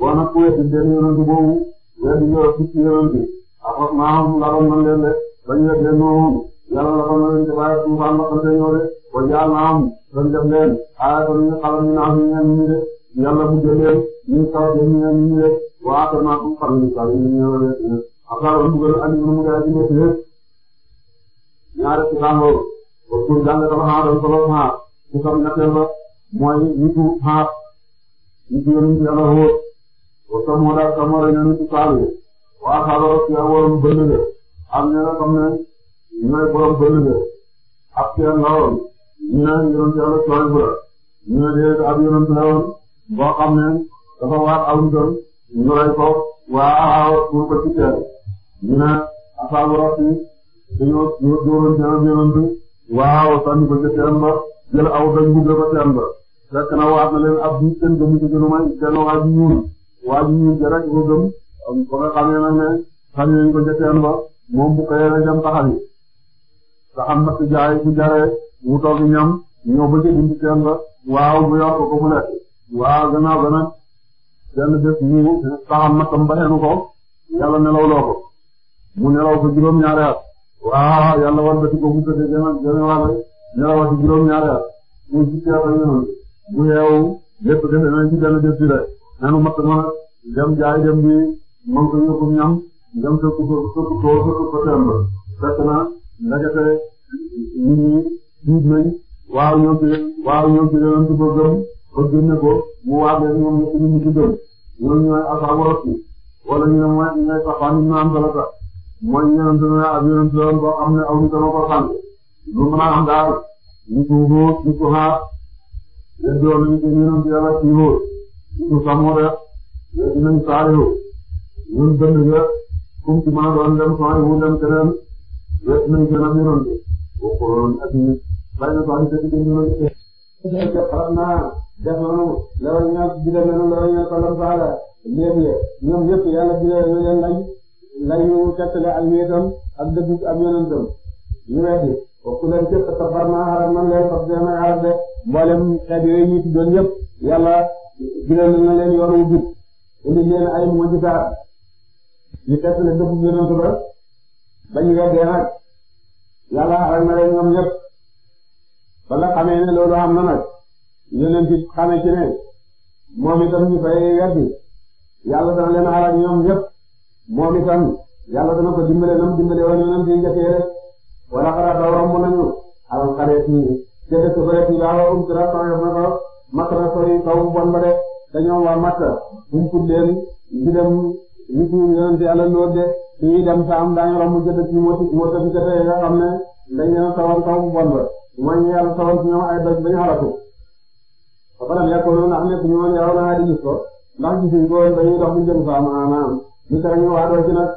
wala ku weddi seen yonent boobu weddi nga fukki yonent après maam laroon nañ leen de bañ weddee noonu yàlla laroon na leen ci waaye tuufaan ba xam te ñoo de ba jaal maam dañ def leen aaya tam ñu xalam ñu naan ñu ñaan ñu de yàlla bu jëlee ñu taw ñu ñaan ñu de waaye tam naa tuufaan ñu taw ñu asaaro mbugal andi mbugal aji nekk lépp ñaare ci làngoo ba suuf jàng dafa xaar dafa solo xaar ci sam ñetteel ba mooy nitu xaar nitu yonent yàlla xóot ba samoo daal samoo rek ñoo nitu saalu waa xaaba rek yaa waroon bënd ga am ña nga xam ne ñooy borom bënd ga ak seen la woon ñu ne yonent yàlla sooy bu la ñu ne déet ab yonent la woon boo xam ne dafa waar aw ñu doon ñu rey ko waa pour ko ci teel ñu ne asaabu rasi dañoo dóoroon seen yonent waaw sànni ko ca teen jël aw dañ bugg ko teen ba fekk na waat na leen ab bi seen gëm ci gënu may seen waa ji ñuul waa ji ñuul ja ko gëm ne sànni nañ ko ca teen moom bu xëyee rek dem taxaw yi taxam na jaree mu toog ñam ñëw ba ca dindi teen ba waaw ko ko lekk waaw gannaaw ba nag benn bés mu taxam na tam ba xenu ko yàlla nelawloo ko mu nelaw fa juróom-ñaari at waaw yàlla war bati ko mu tëddee gànnaaw gànnaaw juróom-ñaari at muy ci ceeb ak yoon bu yeewu lépp defe nañ ci benn bés bi rek nanu mat ma dem jaay dem bi moom ko yokku ñam dem sëkk ko sëkk ko sëkk ko temb fekk na ndekete nit ñi tiit nañ waaw ñoo ci waaw ñoo ci leen di ko gëm ba génne ko mu waat leen ñoom ñëpp ñu ngi ci gëm ñoom ñooy asaabu rëkk wala ñu ne mooy ñu ngay taxaw ñu naan dara mooy yonent na ab yonent loon boo xam ne aw nit dama ko sant lu mën a am daal nit ku Huud nit ku Aad doon nañu ko yonent Yàlla ci Huud nit ku Samuud yéen nañu Saalihu ñun dënd nga kum ci mën a doon dem Shuaybu dem keneen yéen nañu gën a yonent waxoon ak ñi bàyyi na sax ci gën yonent naa def noonu la war a ñaar di demee noonu la war a ñaar ko lam saala léegi ñoom yëpp Yàlla di leen lañ layu tettale ak wéetam ak dëgg ak yonentam ñu weesi waxtu leen képp safar naa xaram man lay fas de mboolem xeet yooyu ñu tuddoon yëpp yàlla gënal na leen yoon wu jub indi leen ay mujisaat ñu tettale dëgg yonent ba ba ñu weddee nag yàlla xaram na leen ñoom ñëpp ba xamee ne loolu am na nag yonent it xamee ci ne moom itam ñu fay weddi yàlla dana leen xaram ñoom ñëpp moom itam yàlla dana ko dimbale nam dimbale woon yonent yi njëkk rek wala xalaat ba romb nañu alal xale yi te dëkk ba rek ñu daal um dara sooyof na ko makara sooy bu bon ba de dañoo waa makka um put leen ñu dem ñu tuur yonent yàlla lool de suñuy dem saam daañu romb jënd ci moo moo tafi jotee nga xam ne dañ leen sawar taw bu bon ba mooy ñu yàlla sawar ci ay doj bañ xalatu ba pare yàqu noonu ndax nekk ñu woon yow da ngaa di gis ko ndax gisuñ ci sarañu waadoo ci nag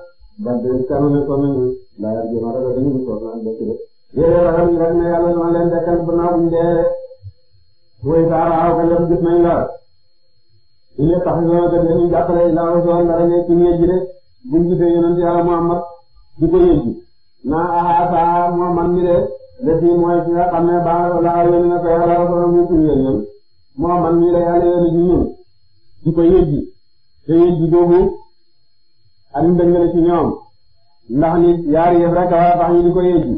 ba de kanu ne sonn ñu laayar jëma rek dañu ñu sonn am dëkk de yéen ragal ñu rek ne yàlla noonu leen dekkal ba naa buñ dee way taaraaw ka lem gis nañ la ine tax ñoo ka dañu jàppale laaw soon dara ne ci yëg de buñ gisee yonent yàlla Muhammad di ko yëg naa ahaasa Muhammad mi de le fii mooy fi nga xam ne ba laa yónni na ko yàlla rasul mu ci yéen ñun Muhammad mi de yàlla yónni ci ñun di ko yëg te yëg googu alim dëngale ci ñoom ndax nit yaari yëf rek a tax ñu di ko yéegi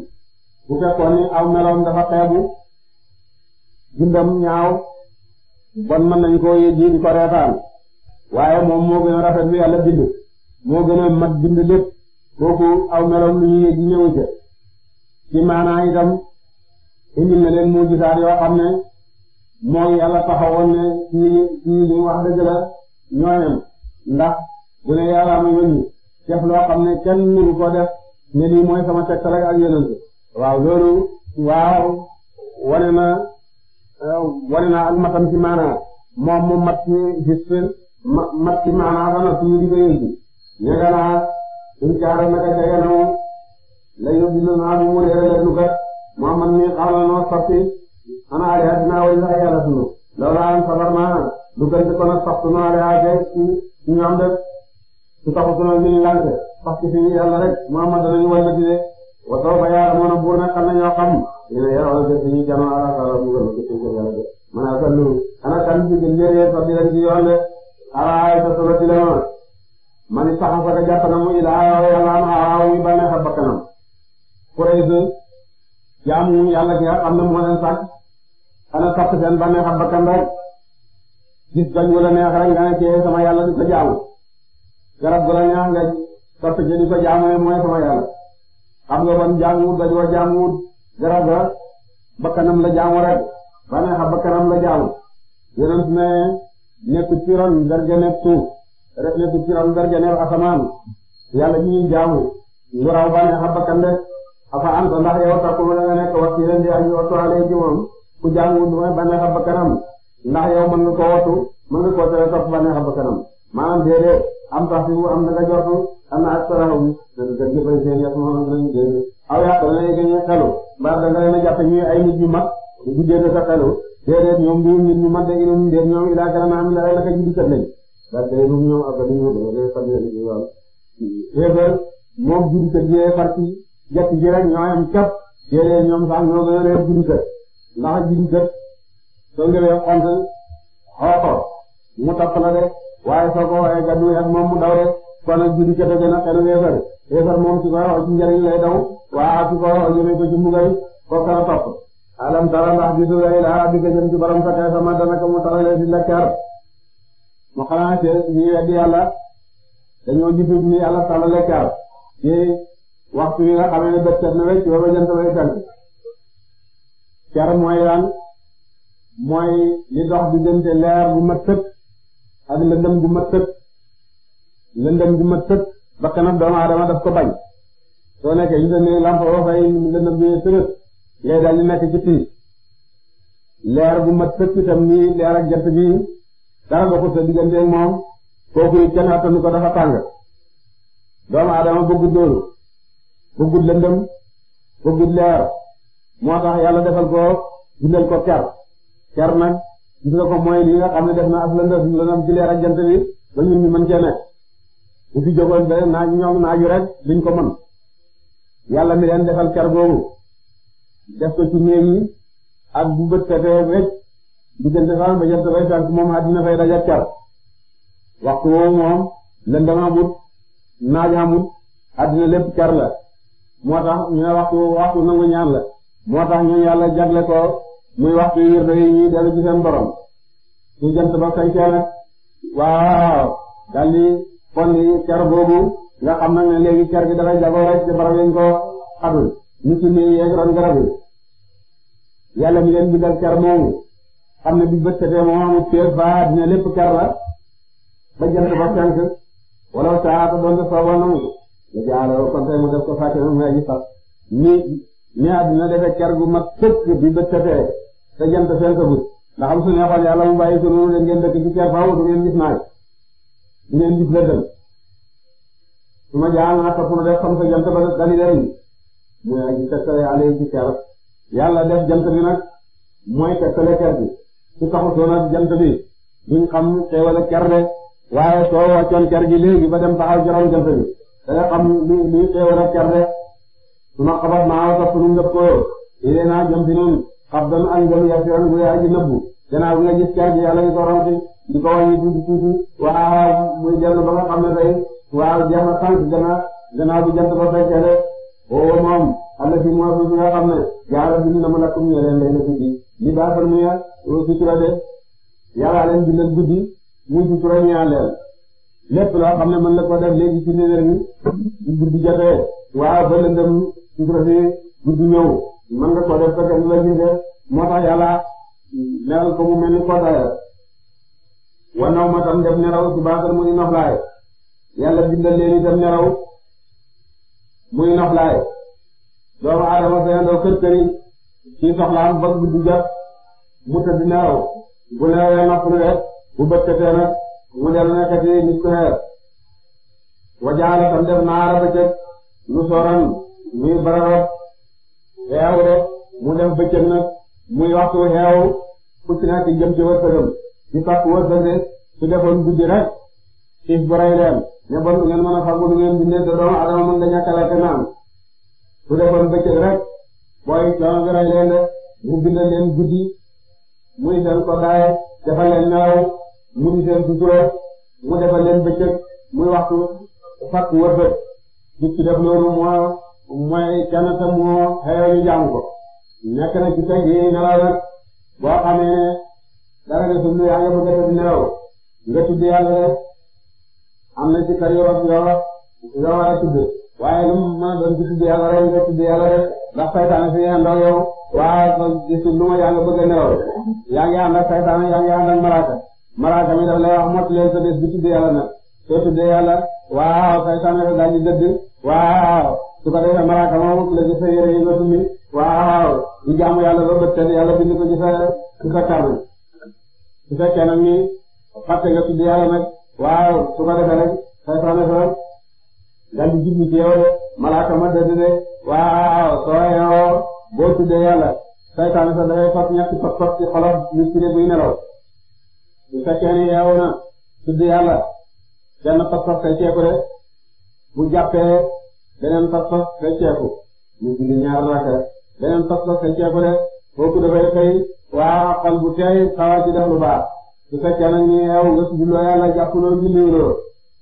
bu fekkoon ni aw meloom dafa xeebu bindam ñaaw bon mën nañ koo yéegi di ko reetaan waaye moom moo gën a rafet lu yàlla bind moo gën a mat bind lépp kooku aw meloom lu ñu yéegi ñëwu ca ci itam indil na leen mujjisaat yoo xam ne moo yàlla taxawoon ne ci ci wax dëgg la ndax bu ne yàllaa ma yónni def loo xam ne kenn mënu ko def ne lii mooy sama tegtal ak yonent waaw loolu waaw wane na euh, wane na ak matam ci maanaa ci gis ma mat ci maanaa ba noppi ñu di ko yëngu ñaga naa suñ caara naka ca yanamu la yóbbu na naa mu réer la dukat moom man mii xamal noo soppi xanaa de dinaa wéy sax yàlla sunu loolu am sabar naa dugal ci kon a soppi naa de ah kay ci ñoom su taxu sonal ñu lànk parce que fi yàlla rek Muhammad danañu wallati wa sawfa ya'lamuna buur nag xam nañoo xam ñu ne yàlla def ñu janoo ala bugal ci ko yàlla def man akallu ana kan bi gën léere fa di leen ci yoon de ala ta solo ci la man sax fa ka jàpp na mu ila yàlla am xaaw yi bànneex a bakkanam Quraysh jaamu yàlla ki nga xam ne moo leen sàkk ana sàkk seen bànneex a bakkan rek gis gañ neex rek nga ne ci sama yàlla di ko jaamu garab gu la neex nga topp ci di ko jaamu mooy sama yàlla xam nga kon jaamuwut dajoo jaamuwut garab ga bakkanam la jaamu rek ba neex a bakkanam la jaamu yonent ne nekk ci ron ndarge nekk suuf rek nekk ci ron ndarge asamaan yàlla ñu ñuy jaamu lu ba neex a bakkan de afa anta ndax yow takku la nga nekk wax ci leen di aji wattu alee ci moom ku jaamuwut mooy ba neex a bakkanam ndax yow mën nga ko wattu mën nga ko tere topp ba neex a bakkanam maanaam déedéet am tax fi am na nga jotu am na asaraawu dana gën ci bëri seen yàq moom lañu dégg aw yàq dana lay gën a xelu mbaa danga leen a ñuy ay nit ñu mag di guddee sa xelu déedéet ñoom du nit ñu mag de ilum déet ñoom ilaa kana maam la naka juddu kat lañ parce que ñoom ñoom ak dañu ñëw ñu wàll xeebal moom juddu kat ñoo am cap déedéet ñoom sax ñoo gën a réer juddu kat ndax juddu kat soo ngëwee xont xooxo mu topp la de waaye soo ko waxee gaddu ak moom mu daw rek kon nag jullit kat a gën a xenu yéefar yéefar moom su koy xool ci njariñ lay daw waaw su koy ko ci a topp alam tara ndax gisu nga ilaa bi nga jëm ci borom sa di lekkar mu xanaa ci yàlla waxtu yi nga xamee ne bët set na wecc ba ba jant bay fenk mooy lan mooy li dox diggante leer bu mat sëkk ak lëndëm gu mat sëkk lëndëm gu mat sëkk bakkanam doomu aadama daf ko bañ soo nekkee ñu dem di nekk ci tiis leer gu mat sëkk itam nii leer ak jant bi dara bokkul sa digganteeg moom kooku it kenn attanu ko dafa tàng doomu aadama bëggut loolu bëggut lëndëm bëggut leer moo tax yàlla defal ko bindal ko ker ker nag gis nga ko mooy li nga xam ne def na ab lëndëm lëndëm ci leer ak jant bi ba ñun ñu mën cee bu fi jógoon ba naaj ñoom naaju rek duñ ko mën yàlla mi leen defal ker googu def ko ci néeg ak bu bët setee rek moom àddina fay dajat ker waxtu woowu moom lëndëm amut naaj amut àddina lépp ker la moo tax ñu ne waxtu waxtu nangu ñaan la moo tax ñun yàlla jagle ko muy waxtu wirde yi ñuy dellu ci seen borom su jant ba fenkee nag waaw daldi folli ker boobu nga xam nag ne léegi ker gi dafay jagoo rek ci ko xatul ni ci nii yeeg ron garab yi yàlla mi leen bindal ker moomu xam ne bi bët setee moom amut féef ba dina lépp ker la ba jant ba fenk wala saata doonte sooboo nangu la def ko fàtte moom ngay gis sax ni ker gu mat sëkk bi bët setee te jant fenkagut ndax am su neexoon yàlla mu bàyyi ko noonu da ngeen dëkk ci kër faaw du ngeen gis naaj du ngeen gis lëndëm su ma jaal naa topp na def xam sa jant ba dali dariñ mooy aji tekkale ale ci kër yàlla def jant bi nag mooy tekkale kër bi su taxutoon ak jant bi duñ xam xewale kër de waaye soo wàccoon kër gi léegi ba dem taxaw ci ron jant bi da nga xam li li xewale kër de su ma xabat maa topp nu ngëp ko yéenaa jëm ci noonu xabdan añ gëm yasiran a aji nëbbu gannaaw bi ko ronti di ko wàññi muy dellu ba nga xam ne tey waaw jeex na tànk gannaaw gannaaw bi jant ba fekkee de woo moom xam ne fi mu wax xam ne yàlla bind na ma lakum ñu leen lay def ci li baaxal mu ya sutura de yàlla leen guddi muy sutura ñaan leen lépp loo xam ne mën la def léegi ci néew yi guddi jotee waaw ba sutura si guddi ñëw. mën nga koo def sa kenn du la gisee moo tax yàlla leeral ko mu mel ni koddaayal wanaw ma tam def neraw subaatal muy noflaay yàlla bindal leen itam neraw muy noflaay doomu aadama feyandoo kër këri ci soxlaam ba guddi jot mu tëdd neraw bu nelawee noppalu rek bu bët këtee nag mu dellu nekkati nit ku xeer wajaala tam def naara bëccëg lu soran muy bararab xeew rek mu def bëccëg nag muy waxtu xeew ku ci nekk jëm ci wërsëgam ci fàq wërsëg rek su defoon guddi rek xiif bu rey a fàggu a lekk naan su defoon bi rey leen de mu bindal leen guddi muy seen koddaay defal leen nelaw mu di seen sutura mu defal leen bëccëg muy waxtu fàq wërsëg nit ki def loolu moo mooy kenn te moo xëyoo ñu ko nekk na ci teg yi nelaw nag boo xamee ne dara desul lu yaa nga bëgg a def nelaw nga tudd yàlla rek nga tudd yàlla rek ndax saytaane fi yéen ndaw yow waaye ba gisul lu ma yaa nga bëgg a nelaw yaa ngi ànd ak yaa ngi ànd ak malaaka malaaka mi daf lay wax sa bés bu tudd yàlla nag soo tudd yàlla waaw saytaane daal di dëdd waaw. su ko defee malaaka moomu la gis sa yére yi nga summi waaw ñu jaamu yàlla ba bët set yàlla bind ko ci sa ci sa kàddu su fekkee nag ni fàtte nga tudd yàlla nag waaw soo yeewoo boo tuddee yàlla saytaane fa dafay fat ñetti fat fat ci xolam nit buy nelaw su fekkee ni yeewu na tudd yàlla benn fat fat kay ceeku de bu jàppee beneen pas-pas fecceeku ñu julli ñaar raka beneen pas-pas fecceeku de kooku dafay fay waa xol bu tey xawaat ci def lu baax su fekkee nag ñu yeew nga julloo yàlla jàppuloo julliwuloo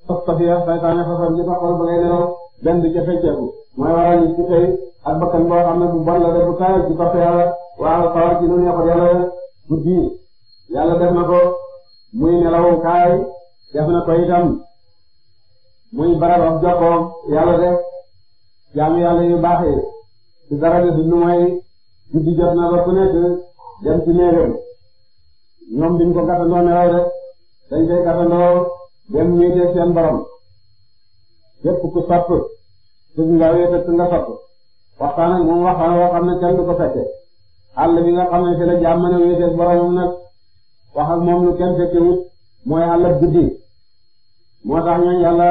pas-pas ya saytaane fasal ci sa xol ba ngay nelaw benn di ca fecceeku mooy waral nit ci tey ak bakkan boo xam ne bu bon la de bu taayal ci topp yàlla waaw xawaat ci lu neexut yàlla guddi yàlla def na ko muy nelaw kaay def na ko itam muy barab ab jokkoo yàlla def jaamu yàlla yu baaxee ci dara des lu mooy guddi jot na ba nekk dem ci néegam ñoom duñ ko gàttandoo nelaw rek dañ koy gàttandoo dem wéetee seen borom képp ku sopp su nga wéete su nga sopp waxtaan ak moom waxtaan woo xam ne kenn du ko fekke àll bi nga xam ne ci jaam mën a wéetee boromam nag wax ak moom lu kenn fekke wut mooy àll guddi moo tax ñooñu yàlla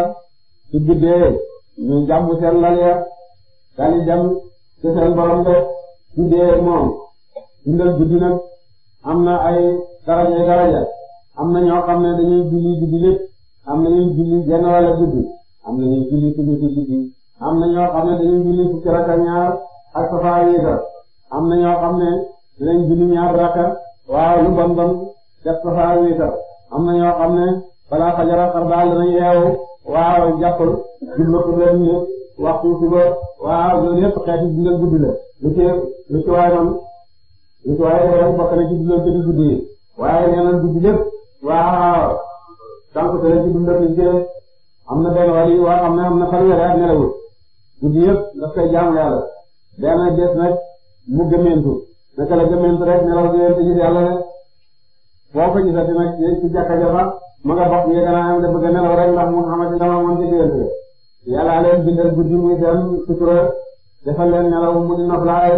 su guddee ñu jàmm seen lal ya dali dem ci borom de tuddee moom dundal guddi nag am na ay daraja daraja am na ñoo xam ne dañuy julli guddi lépp am na ñuy julli genn guddi am na ñuy julli suñu si guddi am na ñoo xam ne dañuy julli ñaar ak safaa lu bon bon def safaa wiitar am na ñoo xam ne balaa fajara xar daal danañ yeewu waaw jàppal jublu ko leen ñëpp waxtu suba waaw loolu yëpp xeeti dundal guddi la lu ci waay man lu ci waay rek bokk na ci dundal ci guddi guddi lépp waaw sànq na ne na fanweeri ak nelawul guddi yëpp daf koy jaamu yàlla benn des nag mu gëmeentu naka la gëmeentu rek nelaw di leen te gis rek boo ko gisati nag ci jàkka jafa ma nga bokk njëkk naa am de bëgg nelaw rek ndax Muhammad dama amoon ci diggante yàlla leen bindal guddi muy seen sutura defal leen nelaw mu di noflaay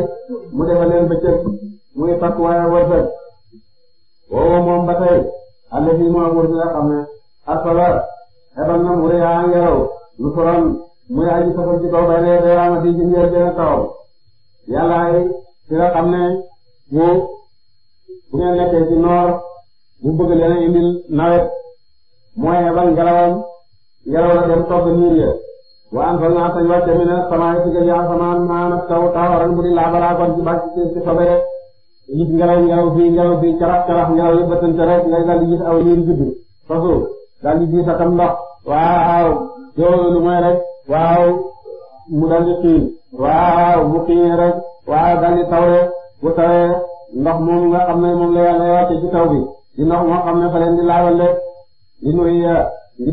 mu defal leen bëccëg muy takkuwaay ak wërsëg woowu moom ba tey àll moo wër bi xam ne asala ebal na mu rëy a ngelaw lu soron muy aji safal ci kaw bay dee yaa ngi ci njëriñ la kaw yàlla ay ci nga xam ne bu bu ngeen nekkee ci noor bu bëgg leen a nawet. mooy hebal ngelawam ngelaw la dem togg niir ya wa an fal naa sañ wàcce mi na samaay si gën yaa samaan naa nag taw taawaral mu di laabalaa ci bàcc ci sobe rek ngay daal di gis aw niir judd fasu daal di gis akam ndox waaw loolu mooy rek waaw mu daal di xiin waaw mu xiinee rek waaw daal di taw rek bu tawee ndox moom nga xam ne moom la yàlla wàcce ci taw bi di ndox moo xam ne fa leen di laabal rek li nuy ngir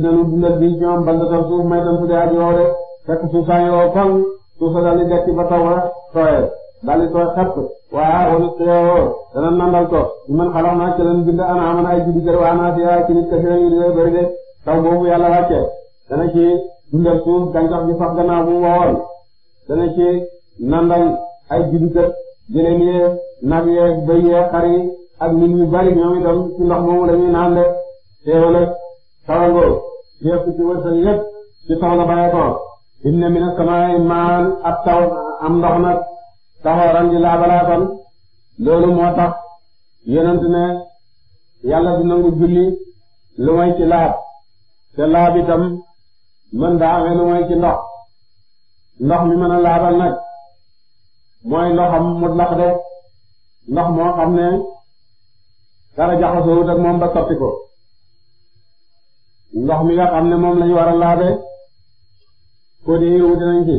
ne nu dundal bi ci ñoom baldatal suuf may tan su dee aji wow de fekk suuf saa yoo kon suuf sa daal di ba taw boobu yàlla wàcce dana ci dundal suuf gàncax gi sax gannaaw bu dana ci nandal ay judi kër jëleen yee nag yee bëy yee xar ak nit ñu bari ñoom itam ci ndox moomu la ñuy naan de teewal ak sawango lépp ci wërsëg yépp ci soxla bàyyi ko inna samaay maan ab taw am ndox nag taxooran di laabalaatal loolu moo tax yonent ne yàlla du nangu julli lu may ci laab te laab itam mën daa amee lu may ci ndox ndox mi mën a laabal nag mooy ndoxam mutlaq de ndox moo xam ne dara jaxasoowut ak moom ba sotti ko ndox mi nga xam ne moom lañu war a laabe ko dee wute nañ ci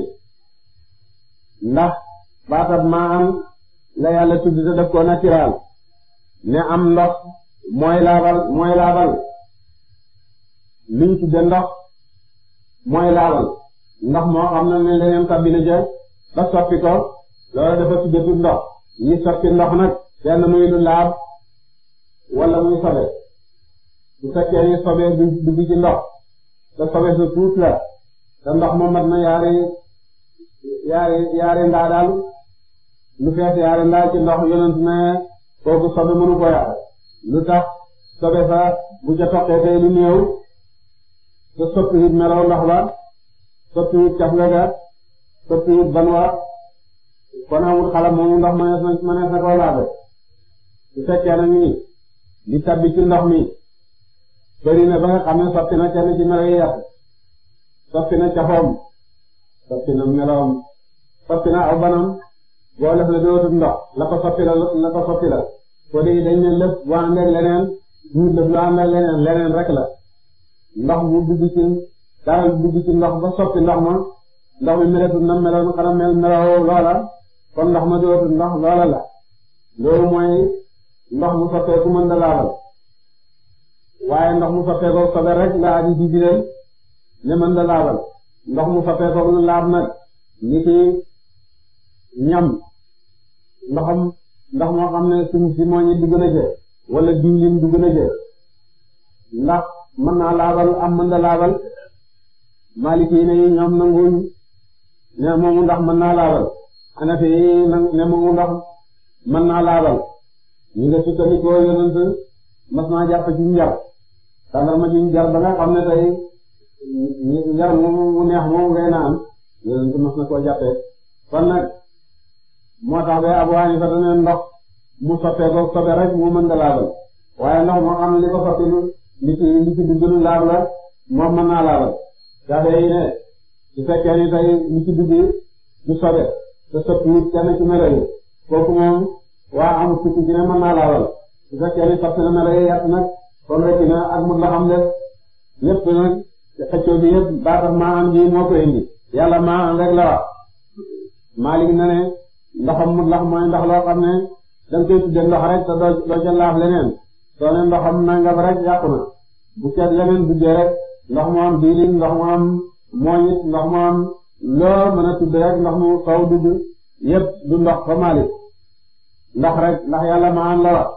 ndax baatab maa am la yàlla tudd te def ko naturel ne am ndox mooy laabal mooy laabal liñ tudde ndox mooy laabal ndox moo xam ne ne leneen tabbina ja ba soppi ko loolu dafa tudde ndox ñi soppi ndox nag kenn muy lu laab wala muy sobe su fekkee ni sobee du dugg ci ndox te sobee su tuut la te ndox ma mat na yaari yaari yaari ndaa daal lu fees yaari ndaa ci ndox yonent ne kooku sobe mënu ko yàq lu tax sobe fa bu ca toqee tey lu néew te soppiwut melaw ndox ba soppiwut cafle ga soppiwut ban wa kon amul xalam moomu ndox mënees na na koo laabe su fekkee nag ni li tabbi ci ndox mi bëri na ba nga xam ne soppi kenn ci melo yi yàqu soppi cafoom soppi na meloom aw banam boo lef la dootul ndox la ko la la ko soppi dañ ne lëf bu ànd ak leneen leneen rek la ndox bu dugg ci dara dugg ci ndox ba soppi ndox ma ndox mi melatul loola kon ndox ma dootul ndox loola la loolu mooy ndox mu soppeeku mën da laabal waaye ndox mu soppeekoo sobe rek la aji di di ne mën da laabal ndox mu soppeekoo na laab nag ni ñam ndox moo xam ne suñ si moo dugg na ci wala diwlin dugg na ci ndax mën naa laabal am mën da laabal maliki yi ñoom nanguñ ne moomu ndox mën naa laabal xanafi yi ne moomu ndox mën naa laabal ñu nga sukkandikoo yonent mas naa jàpp ci njàpp tàndarma ji jar ba nga xam ne tey jar mu neex moom ngay naan yéen a mas na koo jàppee kon nag moo tax ba Abu waaye ndox moo xam li ko soppi lu li ci li ci dugg lu laab la moom mën naa ne su fekkee kooku moom waa am sukk ci ne mën naa laabal su fekkee ni soppi na melo yi nag. kon rek dina ak mut la xam ne lépp nag xëccoo bi yëpp daa tax moo ko indi yàlla maanaam rek la wax Malik na ne ndoxam mut la mooy ndox loo xam ne da nga koy tudde ndox rek te doo laaf leneen soo ne ndoxam nangam rek yàqu na bu seet leneen rek ndox mu am diilin ndox mu am mooñit ndox mu am loo mën a tudd rek ndox mu faw dugg yëpp du ndox fa Malik ndox rek ndax yàlla maanaam la wax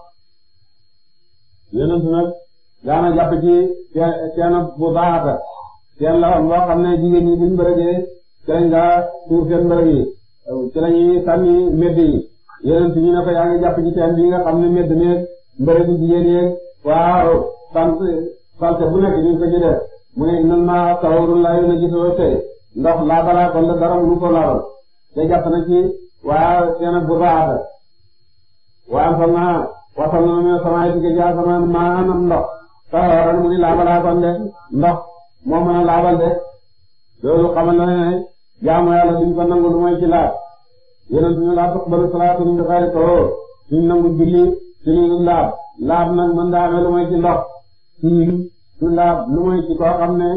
yeneen nag daana jàpp ci teen bu baaxata teen la woon boo xam ne jigéen ñi buñ bërëgee ci lañ daa tuur seen bërëg yi ci lañuy sànni medd yi yeneen ñu ne ko yaa ngi jàpp ci teen bi nga xam ne medd meeg mbërëgu jigéen yeeg waaw sant salte bu nekk ñu ko ci def mu ne nan ma tawarul laayu na gisoo tey ndox laabalaa la dara lu ko laabal te jàpp na ci waa teen bu baaxata waa am sama wasal na ma sama ay digg jaa sama maanam ndox taxawaran mu ngi laabalaa kon de ndox moo mën laabal de loolu xamal na ne jaamu yàlla duñ ko nangu lu mooy ci laaj yonent ne laa tuqbalu salaatun bi xayri tahur suñ nangu julli ci lu laab laab nag mën daa amee ci ndox ci su laab lu ci koo ne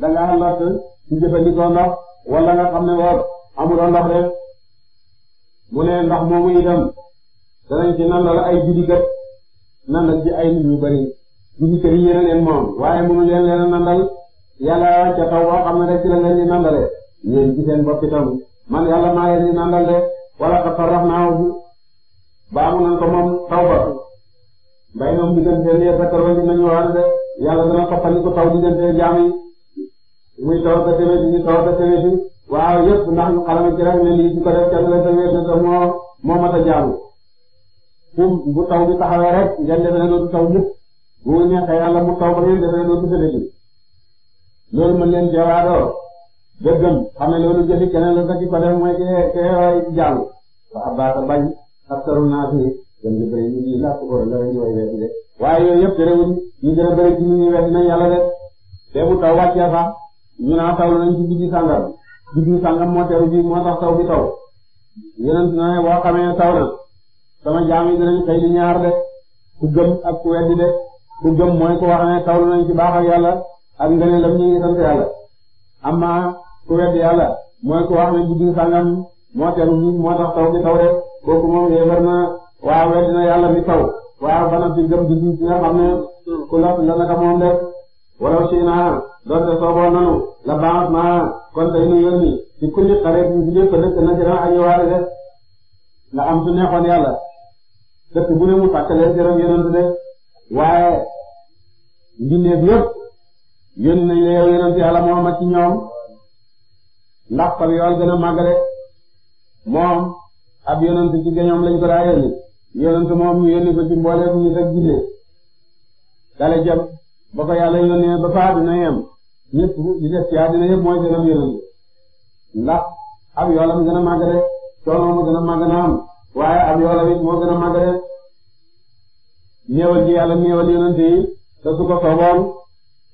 da ngaa lott ci jëfandikoo ndox wala nga xam ne woot amuloo ndox de mu ne ndox moomu itam danañ ci nandal ay judikat nandal ci ay nit yu bari unité bi yéen a leen moom waaye mënu leen leen a nandal yàlla ca taw boo xam ne rek ci la leen di nandale yéen ci seen bopp itam man yàlla maa leen di nandal de wala ka faraf naa baamu nañ ko moom taw ba mbay moom diggante ne fekkal ba ñu nañu waxal de yàlla dana soppali ko taw diggante jaam yi muy taw ba tewet ñu taw ba tewet waaw yëpp ndax ñu xalama ci rek ne lii ci ko def kenn la tewet na moo moo a jaamu bu taw bi taxawee rek ngeen def ne dootu bu ma yàlla mu taw ba ngeen defee loolu gis leen jawaaroo ba gëm xam ne loolu gën a bëri weddi de ku gëm mooy ku wax ne tawlu nañ ci baax ak yàlla ak ngëneel lam ñu ngi sant yàlla amma ku wedd yàlla mooy ku wax ne guddi sangam moo teru ñu moo tax taw bi taw rek kooku moom yéefar na waa wedd na yàlla mi taw waa bana fi gëm guddi ci nga ne ku la la naka moom rek wala si naa doonte sooboo nanu la baax naa kon tey nu yónni ci kulli xare bi lépp dëkk na ci ran aji waare def nga am su neexoon yàlla dëkk bu ne mu fàttalee waaye mbindeef yëpp yónni nañ la yow yonent yàlla Muhammad ci ñoom ndax fab yool gën a màgg de moom ab yonent ci gañoom lañ ko daa yónni moom ñu yónni ko ci mbooleem ñu rek gisee dale jëm ba ko yàlla yónnee ba faa dina yem ñëpp def ci àddina yëpp mooy gënam yonent ndax ab yoolam gën a màgg de coono waaye ab yoolam it moo gën a néewal gi yàlla néewal yonent yi te su ko sooboon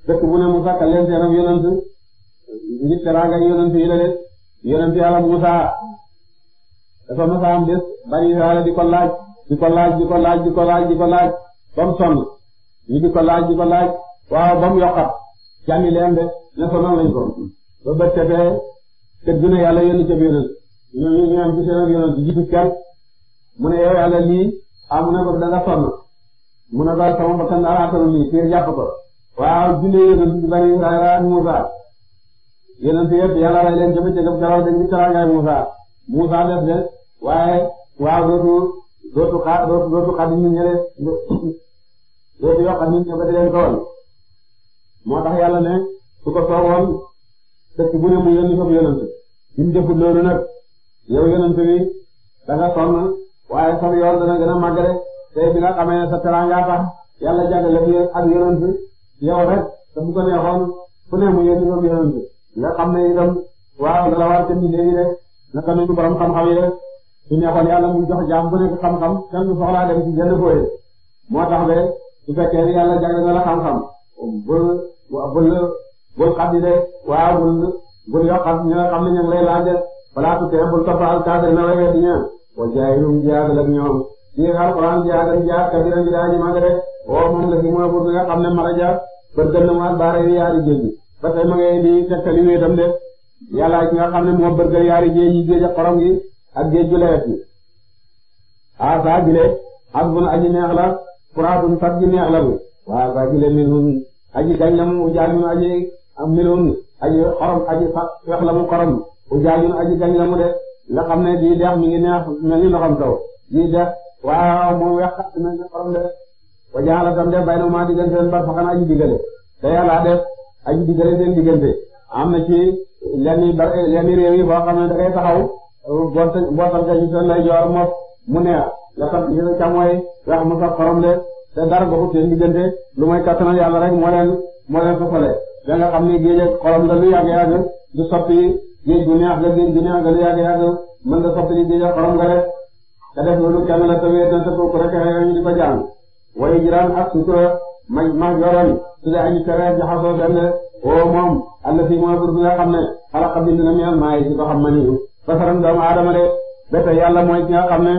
dëkk bu ne mu sàkkal leen seenam yonent ngir yi la de yonent yàlla Musaa dafa masa am bés bari Israayil di ko laaj di ko laaj di ko laaj di ko laaj di sonn ñu di ko laaj di ko laaj waaw ba yokkat jàmmi leen ne sonal lañ ko ba bët ca kër gi yàlla yónni ca yonent ñoom ñu am ci seen yonent jiitu kenn mu ne yow yàlla lii ah mu ne ko da sonn mu ne ko sama bakkan daal attanu lii fiir jàpp ko waaw julli yonent yu bari raay Musa yonent yëpp yàlla ray leen ca bëccëg ak garaw dañuy teraangaay Musa def de waaye waaw dootu dootu xa dootu dootu xadi ñu ñële di leen tooñ moo tax yàlla ne su ko dëkk bu ne mu yónni foofu yonent bi mu defut loolu nag yow yonent bi da nga waaye sax yoon dana gën a màgg tey bi nga xamee ne sa teraanga a yàlla jagleel fi ak yonent yow rek te bu ko neexoon fu ne mu yónni ko yonent nga xam ne itam waaw la war tamit léegi de naka nañu borom xam-xam yi de su neexoon yàlla mu jox jaam bu nekk xam-xam kenn du soxlaa dem ci jënd fooyee moo tax de su fekkee ni yàlla jagleel la xam-xam um, bul bul bul xam de waaw bul bul yoo xam ne ñu ngi lay laaj de balaa tuutee bul na la wér di ñaan wa jaay ñu jaay la ci alxuraan ji adam jaar kabira nga xam ne maraja bër gën yaari géej ba a xorom gi ak géej gu lewet gi a saa gile ak bun aji neex la furaatun sat gi neex la bu waa saa gile min hun aji xorom aji sat fex la mu xorom ujaajun aji gañ la mu de nga xam ne di dex mi ngi neex mel ni loxam taw di dex waaw moom weex tàq nañ ne xorom de wajaala tam de bay na maa diggante seen barsaxan aji diggale te yàlla def aji diggale seen diggante am na ci lenn bar lenn réew yi boo xam ne da ngay taxaw bootal bootal ka ci seen lay joor moom mu neex nga xam ci sa càmmooy mu saf xorom de te dara bokkut seen diggante lu may kattanal yàlla rek moo leen moo leen sosale da nga xam ne géej ak xorom la lu yàgg yàgg du soppi géej bu neex ga géej bu neex ga lu yàgg yàgg mën nga soppi géej xorom nga rek te def nga lu kenn la tawee na te kooku rek ñu di ko jàng waaye jiraan ak sutura maj mahjoran su dee aji tere jaxasoo benn oo moom àll fi mooy nga xam ne xalaqa bind na meel maa yi ci ko xam ma doomu aadama de ba yàlla mooy ki nga xam ne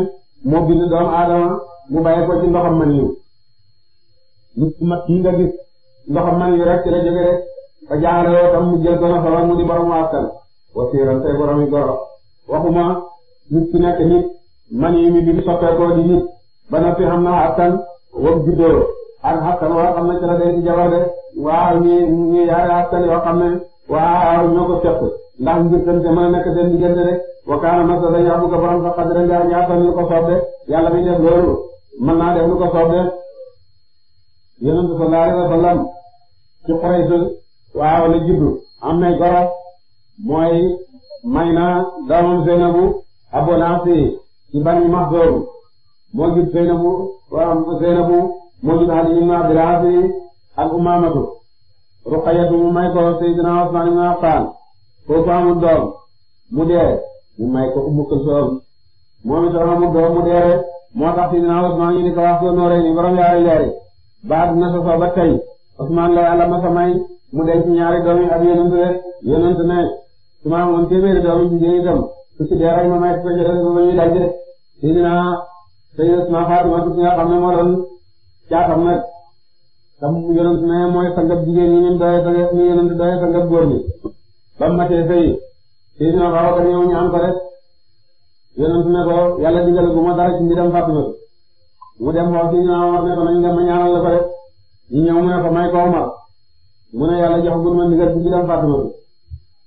moo bind doomu aadama mu bàyyi ko ci ndoxam ma nii lu mat kii nga gis ndoxam ma nii rek ci la jóge rek ba jàngale woo tam mu solo mu di borom waaskan wasiiran tey borom yi goro waxuma nit mani mi bi soppeekoo di nit ba noppi xam na xartan wam juddoo ak xartan waa xam ne ci la day ci jabar de waaw ñi ñi yaari xartan ko a soob de yàlla mi def loolu mën naa def lu ko soob de yonent sallallahu alayhi wa sallam ci Quraysh waaw la juddu am nay goro mooy may na doomam Zeynabu Abu Lahab ci bani Mahzor moo jur Zeynabu wa Zeynabu moo jur Ali ibn Abdul Aziz ak Umaamatu Ruqayatu mu may ko Seydina Usmaan ibn Affaan kooku amul doom mu dee mu may ko Ummu Kulsum moom itam amul doom mu dee moo tax Seydina Usmaan ñu di ko wax Nooreyni borom yaari yaari baat na soso ba tey Usmaan la Yàlla ma sa mu denc ñaari doom yi ak yonent ne yonent ne su ma amoon téeméeri doom yi ci njëriñ su ci dee ma may ko jëlee ba ñuy daj de fii nii naa Sayyidatuna Fatima ki nga xam ne moo doon caatam nag tam yonent ne mooy sangab jigéen ñi ñu doyee sangab góor ñi ba mu matee sëy fii nii naa ñëw ñaan ko rek ne ko yàlla digal bu ma dara ci mbiram Fatima mu dem foofu ne ko nañ dem ñaanal la ko rek ñëw mu ne ko may ko mu ne yàlla joxagul ma ndigal ci mbiram Fatima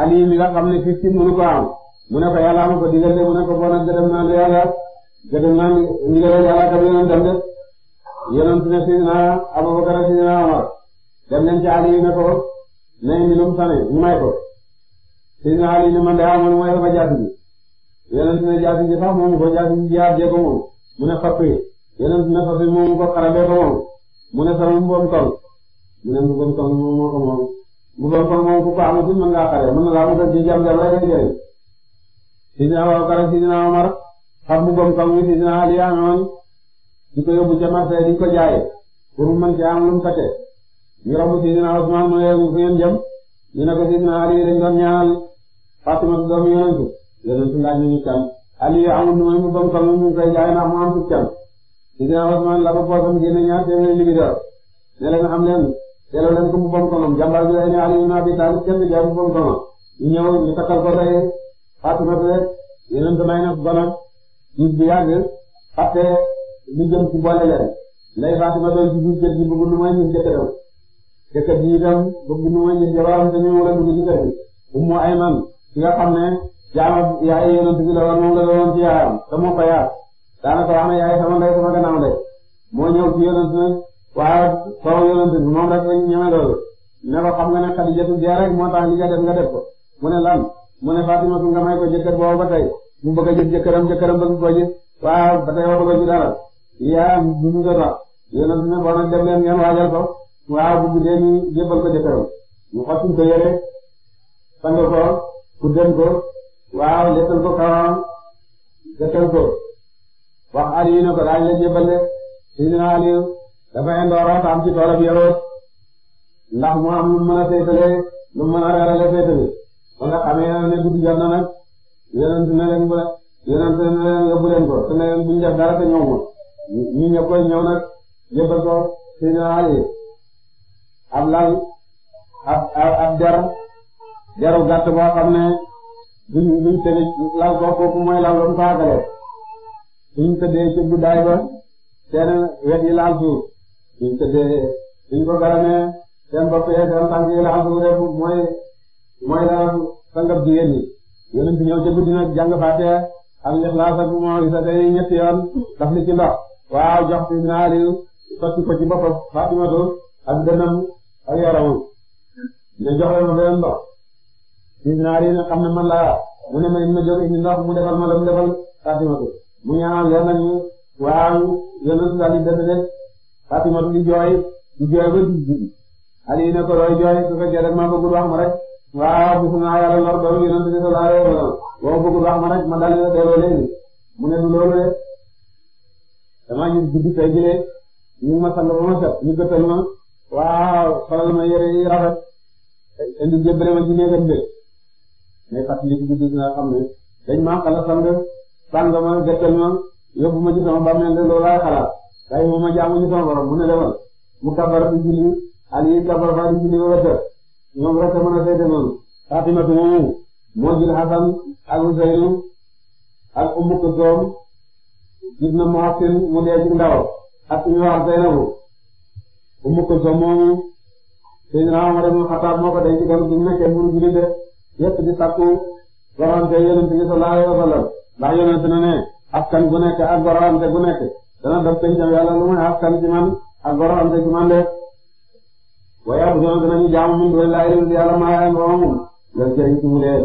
ali mi nga xam ne fifty mënu ko am mu ne ko yàlla ma ko digal de mu ne ko bon ak gërëm naa ne yàlla gërëm naa ne yàlla ka dem de yonent ne Seydina Abubakar ak Seydina dem leen ci ali ne ko ne ni lu mu tane ñu may ko Seydina ali ne man de amoon ah, mooy sama jaasi bi yonent ne jaasi bi sax ko jaasi bi jaar jee ko mu ne fap yi yonent ne fap yi moomu ko xarabee ko mu ne sama mbubbam tol mu ne mbubbam tol moom moo ko moom loolu kon moom ku ko amatul mën ngaa xare mën na laa mos a ji jàmm jàmm rek lay jëriñ Sidina Abubakar Sidina Omar xam bu bom kam wi Sidina Ali amoon di ko yóbbu ca marché di ko jaaye pour mën ci am lu mu takkee ñu romb Sidina Usmaan mu yéen fu ngeen jëm ñu ne ko Sidina Ali dañ doon ñaanal Fatima doomu yonentu yonentu laaj nañu kan Ali amul nu mu bom kam mu koy jaay ndax mu am ci kan Sidina Usmaan la ko poosam génne ñaar teeloo leen ko mu bom konoom jàmbaar bi day ne Taalib kenn du jaay mu bom ñëw ñu takkal ko rey Fatima te yeneen te may na gona gis bi yàgg fàtte lu jëm ci boole leen nday Fatima doy ci biir kër gi bëgg lu may ñun jëkkëram jëkkër ji itam bëgg lu may ñun jabaram te ñu war a dugg ci kër gi Ummu Ayman ci nga ci yaayam te moo ko yaar daanaka wax na yaay waaye soo yonent bi moom rek lañ ñeme ne ko xam nga ne Xadijatu dee moo tax li nga def nga def ko mu lan mu ne Fatimatu nga may ko jëkkër boobu ba tey mu bëgg a gis jëkkëram jëkkëram bëgg ko gis waaw ba tey waxu ko ci dara yaa bu ñu jot a yonent bi ne boo nag dem leen ngeen ko waaw bu ko jëkkëram ñu ko yére sang ko kuddeen ko waaw ko kawam gëttal ko ne ko daañu la jébbal de Sidina Aliou dafa indoo raata am ci toolam yowee am lu mën a saytalee lu mën a reerale saytale ba nga xamee na nag yonent na leen bu yonent na leen yóbbu leen ko te ne leen buñ dara te ñëw ñu ñëpp ñëw nag yóbbal ko seen ali ab lal ab ab der deru gàtt boo xam ne buñ buñ tëdd lal ko foofu mooy lal ba mu faagale buñ guddaay ba seen wet yi laal suñ tëddee suñ ko garamee seen bopp yee seen tànk yi mooy mooy la sangab jigéen ñi yonent ñëw ca guddi nag jàng Faatiha ak Ixlaas ak Mawrisa tey ñetti yoon daf li ci ndox waaw jox ci naari sotti ko ci boppam Fatimatu ak dënnam ak yaramam ne joxe ma beneen ndox ci naari ne xam ne man mu ne ma ma jóg indi ndox mu defal ma la defal Fatimatu mu ñaanal leen nag waaw yonent daal di dënd Fatimatu di jooy di jooy ba jooy su fekkee wax ma rek waaw gis wa wax ma rek ma daal di la mu ne loolu de damaa gis guddi fee jëlee ñu ma sall ba ma set ñu gëtal ma waaw solal ma yére yi rafet indi jébbale ma ci néegam bi mais fàttali ci guddi nga xam ne dañ maa xala sang sang ma gëtal ma yóbbu ma ci sama bàmmeel de loolu laay xalaat tey moom a jaamuñu sama borom mu ne demal mu kabar di julli Ali di julli ba wedd ñoom mën a seete loolu Fatimatu moomu moo jël Hasan ak Huseynu ak Ummu Kulsum ibn Muhaffin mu dee ci ndaw ak ñu wax Zeynabu Ummu Kulsum moomu Seydina Umar ibn Xattaab moo ko denc kon bu nekkee mu julli de yépp di sakku gorante yonent bi sallallahu alayhi wa sallam ndax yonent na ne askan gu nekk ak gorante gu nekk dana def pencam yàlla lu muy askan ci man ak gorante ci man de waaye bu soobee dinañu jaamu min doy laay yëngu yàlla maa ngi woon moom loolu cee ci mu leen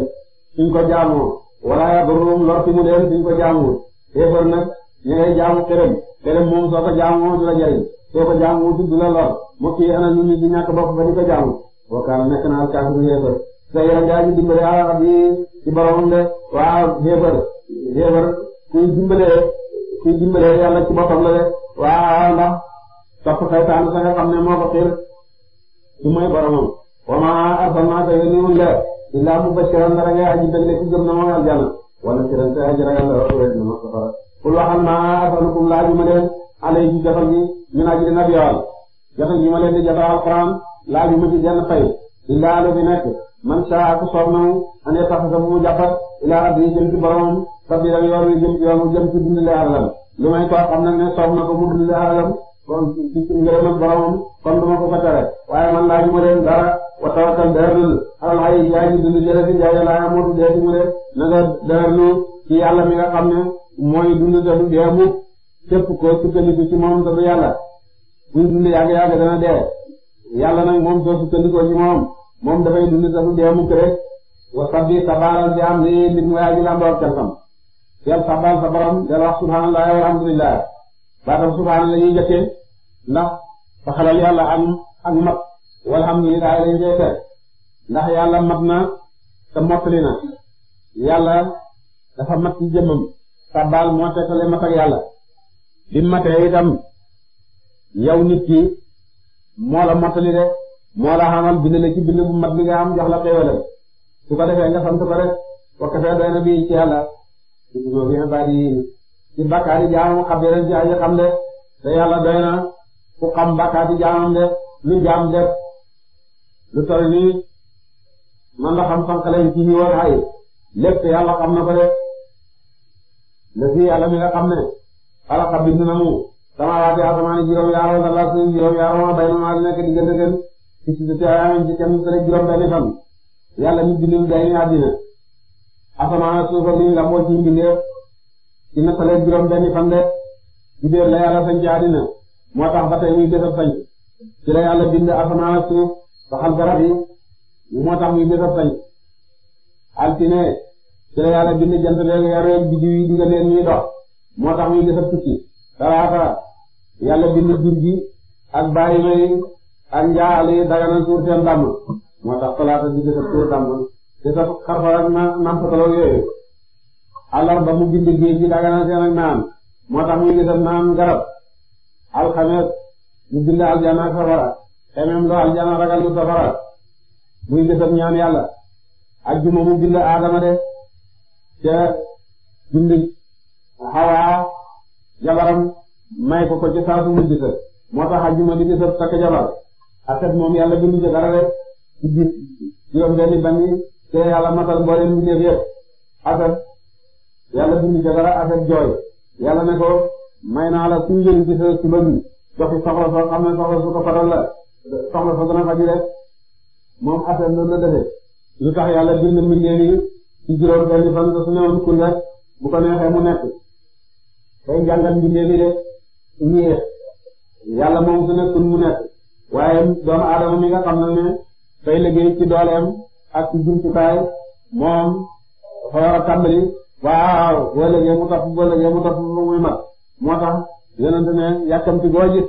suñ ko jaamu wala ya durum lor ci mu leen suñ ko jaamu teefar nag ñu jaamu xerem xerem moom soo ko jaamu moom du jariñ soo jaamu wutul du la lor mu fi ana ñu nit ñi ñàkk ba di ko jaamu wa kaana nekk na alkaafiru xeefar sa yaram gaa ñu dimbale yàlla bi ci boromam de waaw xeefar xeefar kuy dimbalee kuy dimbalee yàlla la de waaw ndax topp saytaan sa nga xam ne moo ko xiir ci mooy ma arsalnaaka yónniwuñ la illaa mubashiran dara ngay aji bëgg ci gëm na mooy aljana wala si ren te aji ragal la wax wér na ma safara kul waxal ma asalukum laajuma leen alay ji jotal gi ñu naa ji dina biyawal jotal gi ma leen di jotal alquran laajuma ci fay illaa lu fi man saa ku soob na mu ande tax mu jàppal ilaa rabbi jëm ci boromam sabila yoor wi jëm yoonu jëm ci dundale alalam lu may koo xam na ne soob na ko mu dundale alalam kon ci ci ngërëm ak boromam kon du ma ko ko tere waaye man laaju ma leen dara wa tawakkal dërlu alal ay yaa ngi dund jële fi jaay laa mootu dee ci mu de na nga dërlu ci yàlla mi nga xam ne mooy dund te du dee mukk képp koo sukkandiku ci moom te du yàlla buy dund yàgg yàgg dana dee yàlla nag moom soo sukkandikoo ci wasabbi tabaaral bi am ni nit mooy aji làmboo ak cantam del sabbal sa borom del wax subhanallah walhamdulillah baatam subhanallah ñuy jëkkee ndax fa xalal yàlla am ak mat walhamdulillah lañu koy teg ndax yàlla mat na te mottali na yàlla dafa mat ci jëmmam sabbal moo tekkale mat yàlla bi matee itam yow nit ki moo la mottali de moo la xamal bind ci bind bu mat bi nga xam jox la xéewalam su ko defee nga sant ko rek wax dëgg doy na bii ci yàlla ci bakkaati jaamu xabiran ci aji xam de te yàlla doy na ku xam bakkaati jaamam de lu jaam def lu toll nii man la xam sànq leen ci ñëwoon ay lépp yàlla xam na ko de le yàlla mi nga xam ne xalaqa bind na mu samaawaati asamaan juróom-yaar wala juróom-yaar wala béy na maa nekk diggante gën ci ci ci ay am ci kenn juróom benn fan. yàlla mi bind gaa yi àddina asamaan suuf mi la moo ci mbindeef ci nattalee juróom benni fan de judeer la yàlla sañ ci moo tax ba tey muy bésab sañ ci la yàlla bind asamaan ak suuf saxal garab yi moo tax muy bésab sañ altine ci la yàlla bind jant leeg weer yeeg yi nga leen ñuy dox moo tax muy bésab tukki talaata yàlla bind jur gi ak bàyyi may ak njaal yi suur seen damm moo tax talaata di def ak tur dàmb te sa xarfal ak yooyu àllarba mu bind géej gi daganal seen ak naan moo tax muy gisal naan garab alxames mu bind aljana ak safara loo aljana ragal lu safara muy gisal ñaan yàlla ajjuma mu bind aadama de ca bind xawaa jabaram may ko ko ca saasu mu gisal moo tax ajjuma di gisal takk jabar aset moom yàlla bindu ca dara de ci biir juróom-benni ban yi te yàlla matal mboolem bi def yëpp asad yàlla bind ca dara asad jooy yàlla ne ko may naa la suñu njëriñ ci sa suba bi doxi soxla soo xam ne soxla su ko faral la soxla soo gën a faj rek moom asad loolu la defee lu tax yàlla bind mbindeef yi ci juróom-benni fan su newoon kun rek bu ko neexee mu nekk tey jàngat mbindeef yi de ñii yàlla moom su nekkul mu nekk waaye doomu aadama mi nga xam ne day liggéey ci dooleem ak ci jumtukaay moom fa war a tàmbali waaw boo liggéey mu tax boo liggéey mu tax mu muy mat moo tax yonente ne yàkkamti goo gis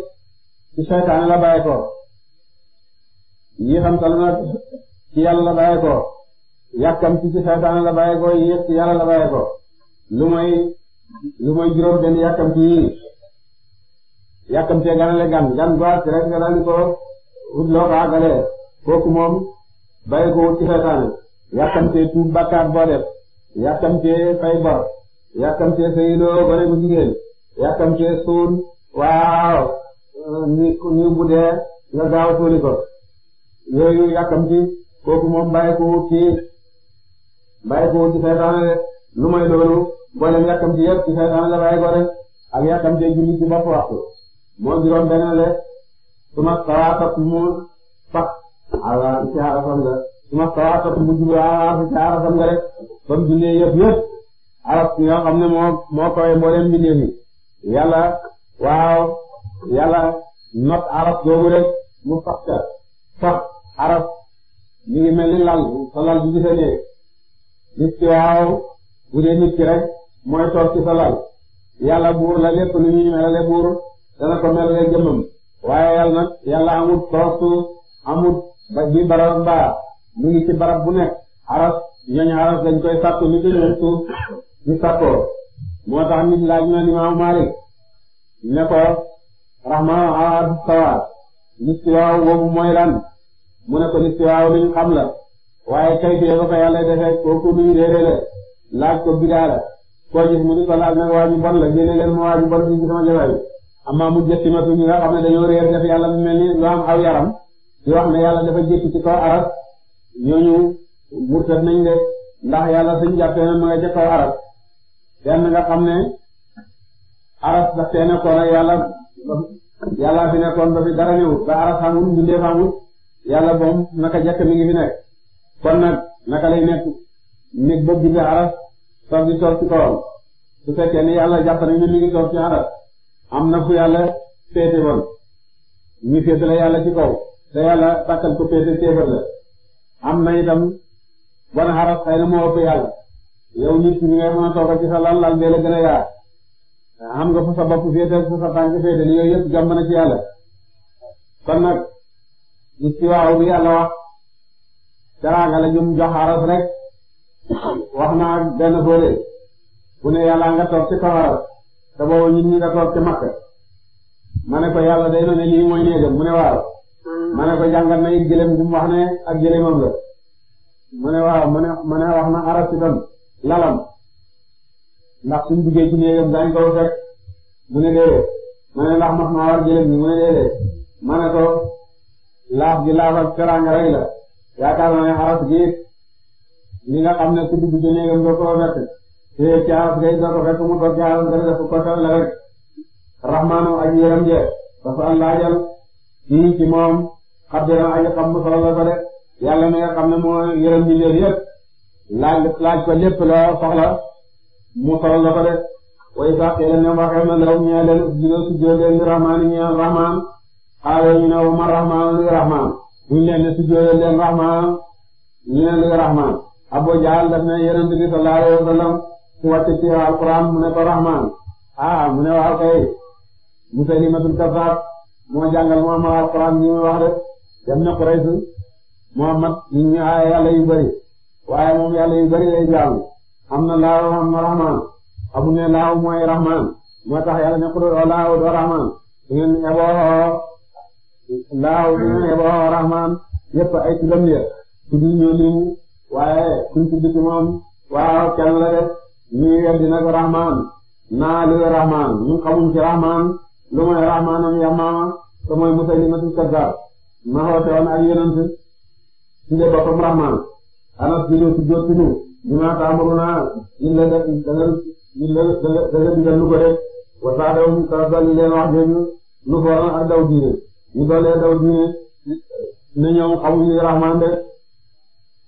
ci seytaane la bàyyi ko yéexamtal na ci yàlla la bàyyi ko yàkkamti ci seytaane la bàyyi ko yéex ci yàlla la bàyyi ko lu mooy lu mooy juróom benn yàkkamti yii yàkkamtee ganale gan gan baat rek nga daal di ko wutloo ko àggale kooku moom bàyyi ko ci seytaane yàkkamtee tuub bàkkaar boo def yàkkamtee fay bor yàkkamtee sayidoo gone bu jigéen yàkkamtee suul waaw ni ni bu gaaw suuli ko yooyu yàkkamti kooku moom bàyyi ko ci bàyyi ko ci seytaane lu may loolu mboolem yàkkamti yëpp ci seytaane la bàyyi ko rek ak yàkkamtee julli ci bopp waxtu moo juróom beneen le suma salaata mu awaar ci arafam nga su ma tawaat ak mu jublu awaar ci arafam nga rek ba mu bindee yëpp yëpp araf nga xam ne moo moo koy mboolem bindee waaw yàlla not araf googu rek mu sax ca sax ngi mel ni lal sa lal bi gisa nee nit waaw bu dee rek mooy toog ci sa lal buur la lépp lu ñuy melale buur dana ko melale jëmmam waaye yàlla nag yàlla amul toosu amul ba bi barab mbaa mu ngi ci barab bu nekk aras ñooñu aras dañ koy sàkku ñu ñu sàkkoo moo tax nit laaj na Imaamu Maalik ne ko rahmaan ala sawa listiwaaw boobu mooy lan mu ne ko listiwaaw luñ xam la waaye kay bi ba ko yàlla defee kooku luñ réeré la laaj ko bidaa koo gis mu di ko laaj nag waa ñu bon la génne leen ma waa ñu bon ci sama jabar yi amaa mu jëstimatu ñi nga xam ne dañoo réer def yàlla mu mel ni lu am aw yaram di wax ne yàlla dafa jékki ci kaw arab ñooñu murtat nañ de ndax yàlla suñ jàppee ma nga ca kaw arab kenn mi ngi fi nekk yàlla jàpp nañ ne mi am na fu yàlla féete woon ñu féete la yàlla ci kaw te yàlla sàkkal ko peete téefar la am na itam bon xaras xëy na moo ëpp yàlla yow nit ñi ngay mën a toog ci sa lal lal bee gën a yaar xam nga fa ci yàlla kon yàlla wax teraanga la jox xaras rek wax na ak benn boole bu ne yàlla nga toog ci kaw te boobu nit nga toog ci makka ma ne ko yàlla day na lii mooy néegam mu ne waaw ma ne ko jàngal nañu gëlëm wax ne ak gëlëmam la mu waaw mu wax na arab itam lalam ndax suñ duggee ci néegam daañu ko fekk mu ne déedéet ma ne ndax max maa war gëlëm bi mu ne déedéet ma laaf gi laaf ak teranga rek la yaakaar naa ne arab gi li nga xam ne ku dugg ci néegam doo ko fekk te ci arab gay doo ko fekk mu toog ci arab gay ko xel la rek rahmaanu ak yërëm je parce que laajal fii ci moom xam dina aji xam mu solo la ko de yàlla ne moo yërëm bi léegi yëpp laaj laaj ko lépp la soxla mu solo la ko de way sax xëy na waxee na law ñee leen dina sujjoo leen li rahmaan ñee rahmaan xaaral ñu ne wa ma rahmaan li rahmaan buñ leen ne sujjoo leen rahmaan ñu ne li rahmaan Abu Jahl daf ne yërëm bi sallallahu alayhi wa sallam su wàcce ci mu ne ko rahmaan ah mu ne waaw kay musalimatul kazzab moo jàngal moom alquran ñu wax de dem na Quraysh Muhammad nit ñi ay yàlla yu bari waaye moom yàlla yu bari lay jaamu am na laahu am rahmaan amu ne laahu mooy rahmaan moo tax yàlla ne ku doo laahu doo rahmaan su ngeen eboo rahmaan yépp ay tuddam ya tudd ñu limu waaye kuñ tudd ci moom waaw kenn la def ñuy weddi nag rahmaan naa luy rahmaan ñu xamuñ ci rahmaan lu mooy rahmaanam yamaama te mooy musalimatu kaddaab ma xoote woon ak yonent tudde boppam anas bi doo tuddoo tudd ñu ma taamaruna ñu la da nga ñu la da nga digal lu wax jooju lu fooroon ak daw diine ñu daw diine ne ñoom xamuñu Rahmaan de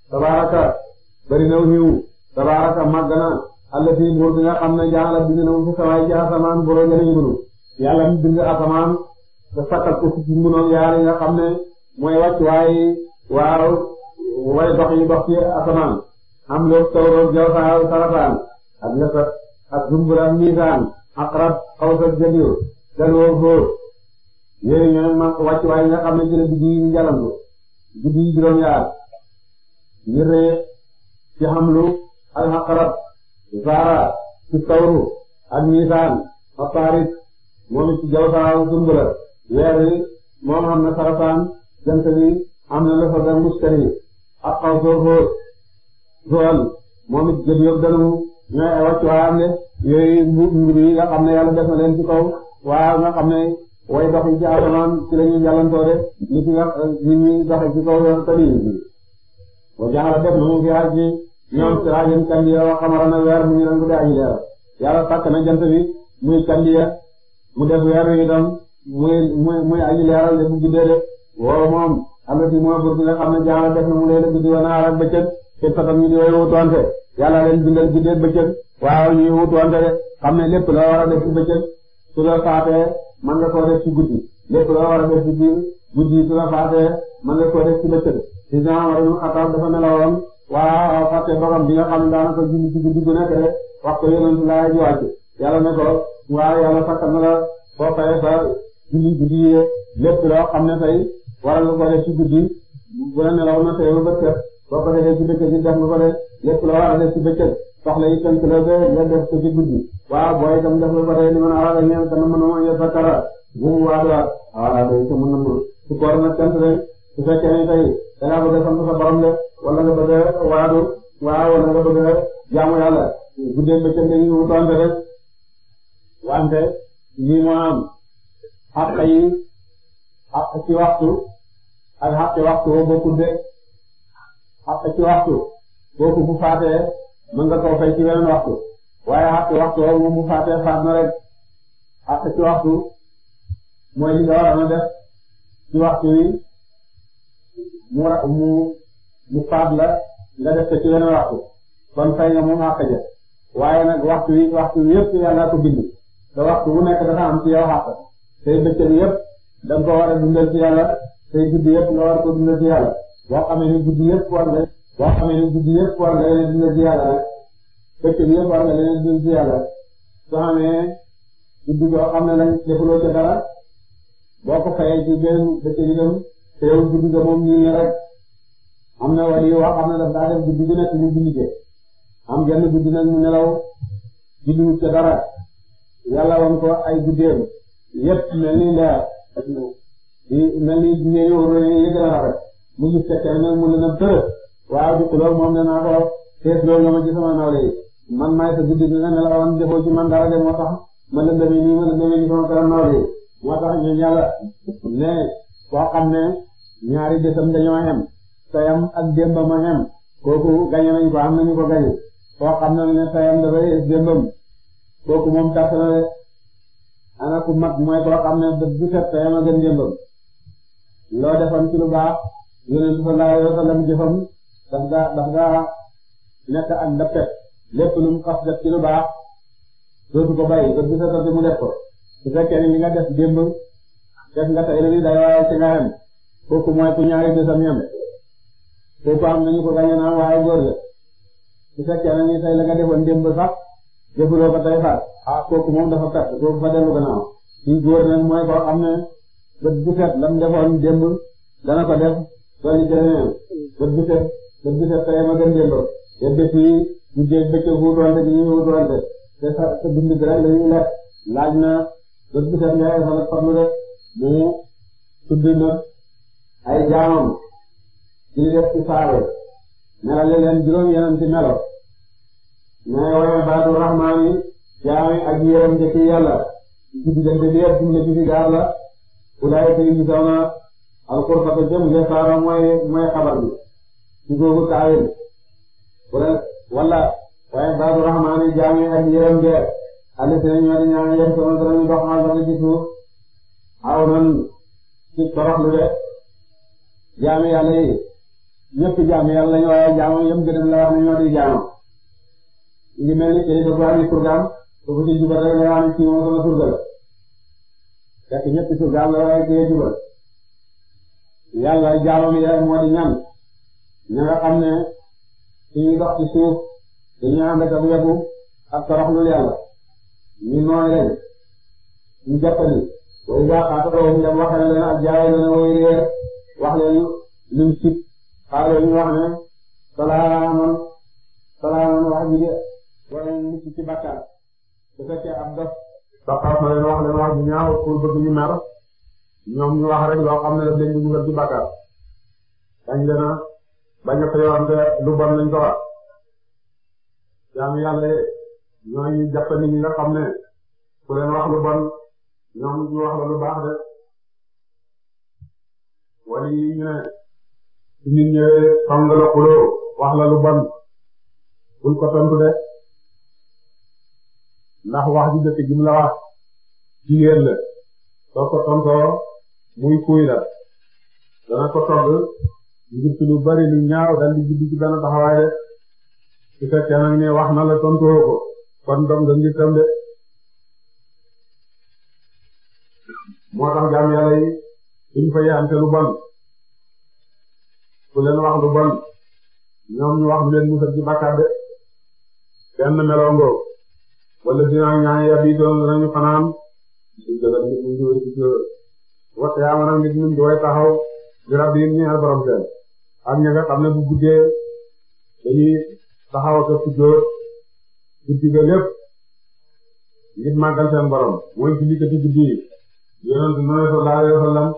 tabaraka bari na tabaraka màgg na àll buur bi nga xam ne jaala bind na mu fi sawaay asamaan boroo jëriñ buru yàlla bind asamaan te sàkkal ko ci munoon yaar yi nga ne mooy wàcc waaye waaw way dox yi dox ci asamaan am loo tawroon jawsaaw sarafaan ak nasat ak dumburam miisaan ak rab xaw sa jëndir daloo fóor ma wàcc waaye nga xam ne ci la guddi yi njalandu yi juróom yaar ngir ci xamlu zaara ci tawru ak miisaan ak taarit moom ci jawsaaw dumbura weer wi moom am na sarafaan la fa dem muskari soo xool xool moom it jël yëpp danu ñooy ay wàccuwaayam yooyu mbu mbir yi nga xam ne yàlla def na leen ci kaw waaye nga xam way dox yi ci asamaan ci la ñuy jàllantoo de nit ñi nga nit ñi doxe ci kaw yoon tali bi wa jaxala def na mu ngi aj ci ñoom siraajan kandiya wa xamara na weer mu ngi doon bu dee aji leer yàlla sàkk na jant bi muy kandiya mu def weer wi itam muy muy muy aji a de bu guddee de woo moom alati mooy bur bi nga xam ne jaala def na mu a guddi woon ak bëccëg te fatam ñu yooyu bëccëg waaw ñuy wutuwante de xam ne lépp loo war a def ci bëccëg su la faatee mën nga koo def ci guddi lépp loo war a def ci guddi su la faatee mën nga koo def ci bëccëg si genre nu xataa dafa nelawoon waaw fàtte borom bi nga xam ne guddi gu nekk de wax ko yonent laa ji wàcc yàlla ne ko waaw yàlla fàttal na la boo julli bi di lépp loo xam ne tey waral nga ko def ci guddi bu la nelaw na tey ba bëccëg boo ko def nga ko def lépp loo a def ci bëccëg soxla yi tënk la ci guddi waaw booy itam def nga ko def li mën a aar ak ñeent dana a a kara bu mu waat waat voilà day itam mën na mën su koor nag tënk rek su fekkee ne tey da ngaa bëgg a sant sa borom de wala nga bëgg a waadu waaw wala nga bëgg a jaamu yàlla guddee bëccëg xàq yi xàq ci waxtu ak xàq waxtu woo bokkul de xàq ci waxtu kooku bu faatee mën nga koo fay ci weneen waxtu waaye xàq waxtu woo moom bu faat na rek xàq ci waxtu mooy li nga waroon def ci waxtu wi mu mu faat la nga def ko ci waxtu kon fay nga moom xàq ja waaye nag waxtu wi waxtu wi yëpp yàlla ko bind te waxtu bu nekk dafa am ci yow xàq say bëccëg yëpp da war a dundal ci yàlla say guddi yëpp nga war ko dundal ci yàlla boo xamee ni guddi yëpp war nga boo xamee ni guddi yëpp war nga leen dundal ci yàlla rek bëccëg yëpp war nga leen dundal ci yàlla soo xamee guddi boo xam ne nag defuloo ca dara boo ko fayee ci benn bëccëg itam teewul guddi ga moom nii ne rek am na wàll yi wax am na daf daa guddi gu nekk ñu julli ci am genn guddi nag mu nelaw julliwut ca dara yàlla yëpp mel ni leer ak mel ni ñebe wala a rafet mu gis te mu ne nag tërë waaw di xuloo moom nee naa ko tees loolu la ma ci sama nawle man maay sa guddi gi nga ne la woon defoo man dara de moo tax ma leen demee nii ma leen demee nii sama kanam nawle yi moo tax ñu ñàlla ne koo xam ne ñaari desam dañoo xem tayam ak a xem kooku gañe nañ ko am nañu ko gañe koo xam ne ne tayam dafay dembam kooku moom tax na ana ku mag mooy koo xam ne bët bu set tey ma gën jëndoon loo defoon ci lu baax yonent sallallahu alayhi wa sallam jëfam daf daa daf daa nekk ak ndapet lépp lu mu xas def ci lu baax dootu ko bàyyi bët bu set mu def ko su fekkee ni li nga def démb def nga tey rek day waaye ci nga yem kooku mooy ku ñaari bésam ñeme kooku am nañu ko gañe naan waaye góor la su fekkee ne ni tey la nga defoon démb sax. jëfandoo ko day faat ah kooku moom dafa perte kooku fa dellu gannaaw suñ góor nag mooy koo xam ne bët bu set lam defoon démb dana ko def sooñu jëriñam bët bu set bët bu set tey ma gën déndoo te dëkk yi ñu jéeg bëccëg wutoonte ñu ñu wutoonte te sa sa dund bi rek lañuy lekk laaj na bët bu set ngay fa farlu rek mais tudd na ay jaamam ci def ci faaro melale leen juróom yeneen ci melo mais woyal baatu rahmaani jaami ak yéeram njëkk yàlla ci diggante bi yëpp jumla ci fi gaar la mooy mooy xabar bi ci googu taawil wala woyal baatu rahmaani jaami ak yéeram beer alisina ñoo di ñaan yem sama danañu dox xaal dana ci suuf aw nan ci toroxlu de jaami yàlla yi ñëpp jaami yàlla lañu waaye jaamu yëm gënam la wax ñoo di jaamu ngi mel ni kilifa surgaam foofu jubal rek la am ci moom sama surga la fekk surgaam la waaye kii jubal yàlla jaamam yi moo di ñan ña nga xam ne suñuy dox ci suuf dañuy ànd ak ak wegu ak toroxlu yàlla ñu nooy leen ñu jàppandi way gaa xaataloo dem wax ne leen ak jaay leen way wax leen luñ sib xaaral ñu wax ne salaaman salaaman wax ji de wala nit ci bàkkaar su fekkee ab dof saxaar na leen wax leen wax ju ñaaw pour bëgg ñu mer ñoom ñu wax rek loo xam ne daf leen di dugal ci bàkkaar dañ leen a bañ a ko yoonte lu la lu baax de wala yi la xuloo wax la lu bon ndax wax ji dëkk ji mu la wax jigéen la soo ko tontoo muy kuy la dana ko togg ngir ci lu bari lu ñaaw dal di juddu ci benn taxawaay de su fekkee nag ne wax na la tontoo ko kon dog nga ngir tam de moo tax jaam yàlla yi duñ fa yaante lu bon ku leen wax lu bon ñoom ñu wax lu leen musal ci bàkkaar de benn melongo wala dina ñaan ya bi doon nañu fanaan di dëggal nit ñi di di wax way taxaw di rab yi ñaar borom seen ak ña nga xam ne bu guddee dañuy taxaw ak su jóor lépp ngir màggal seen borom mooy ci li guddi yi yonent noonu sallallahu alayhi wa sallam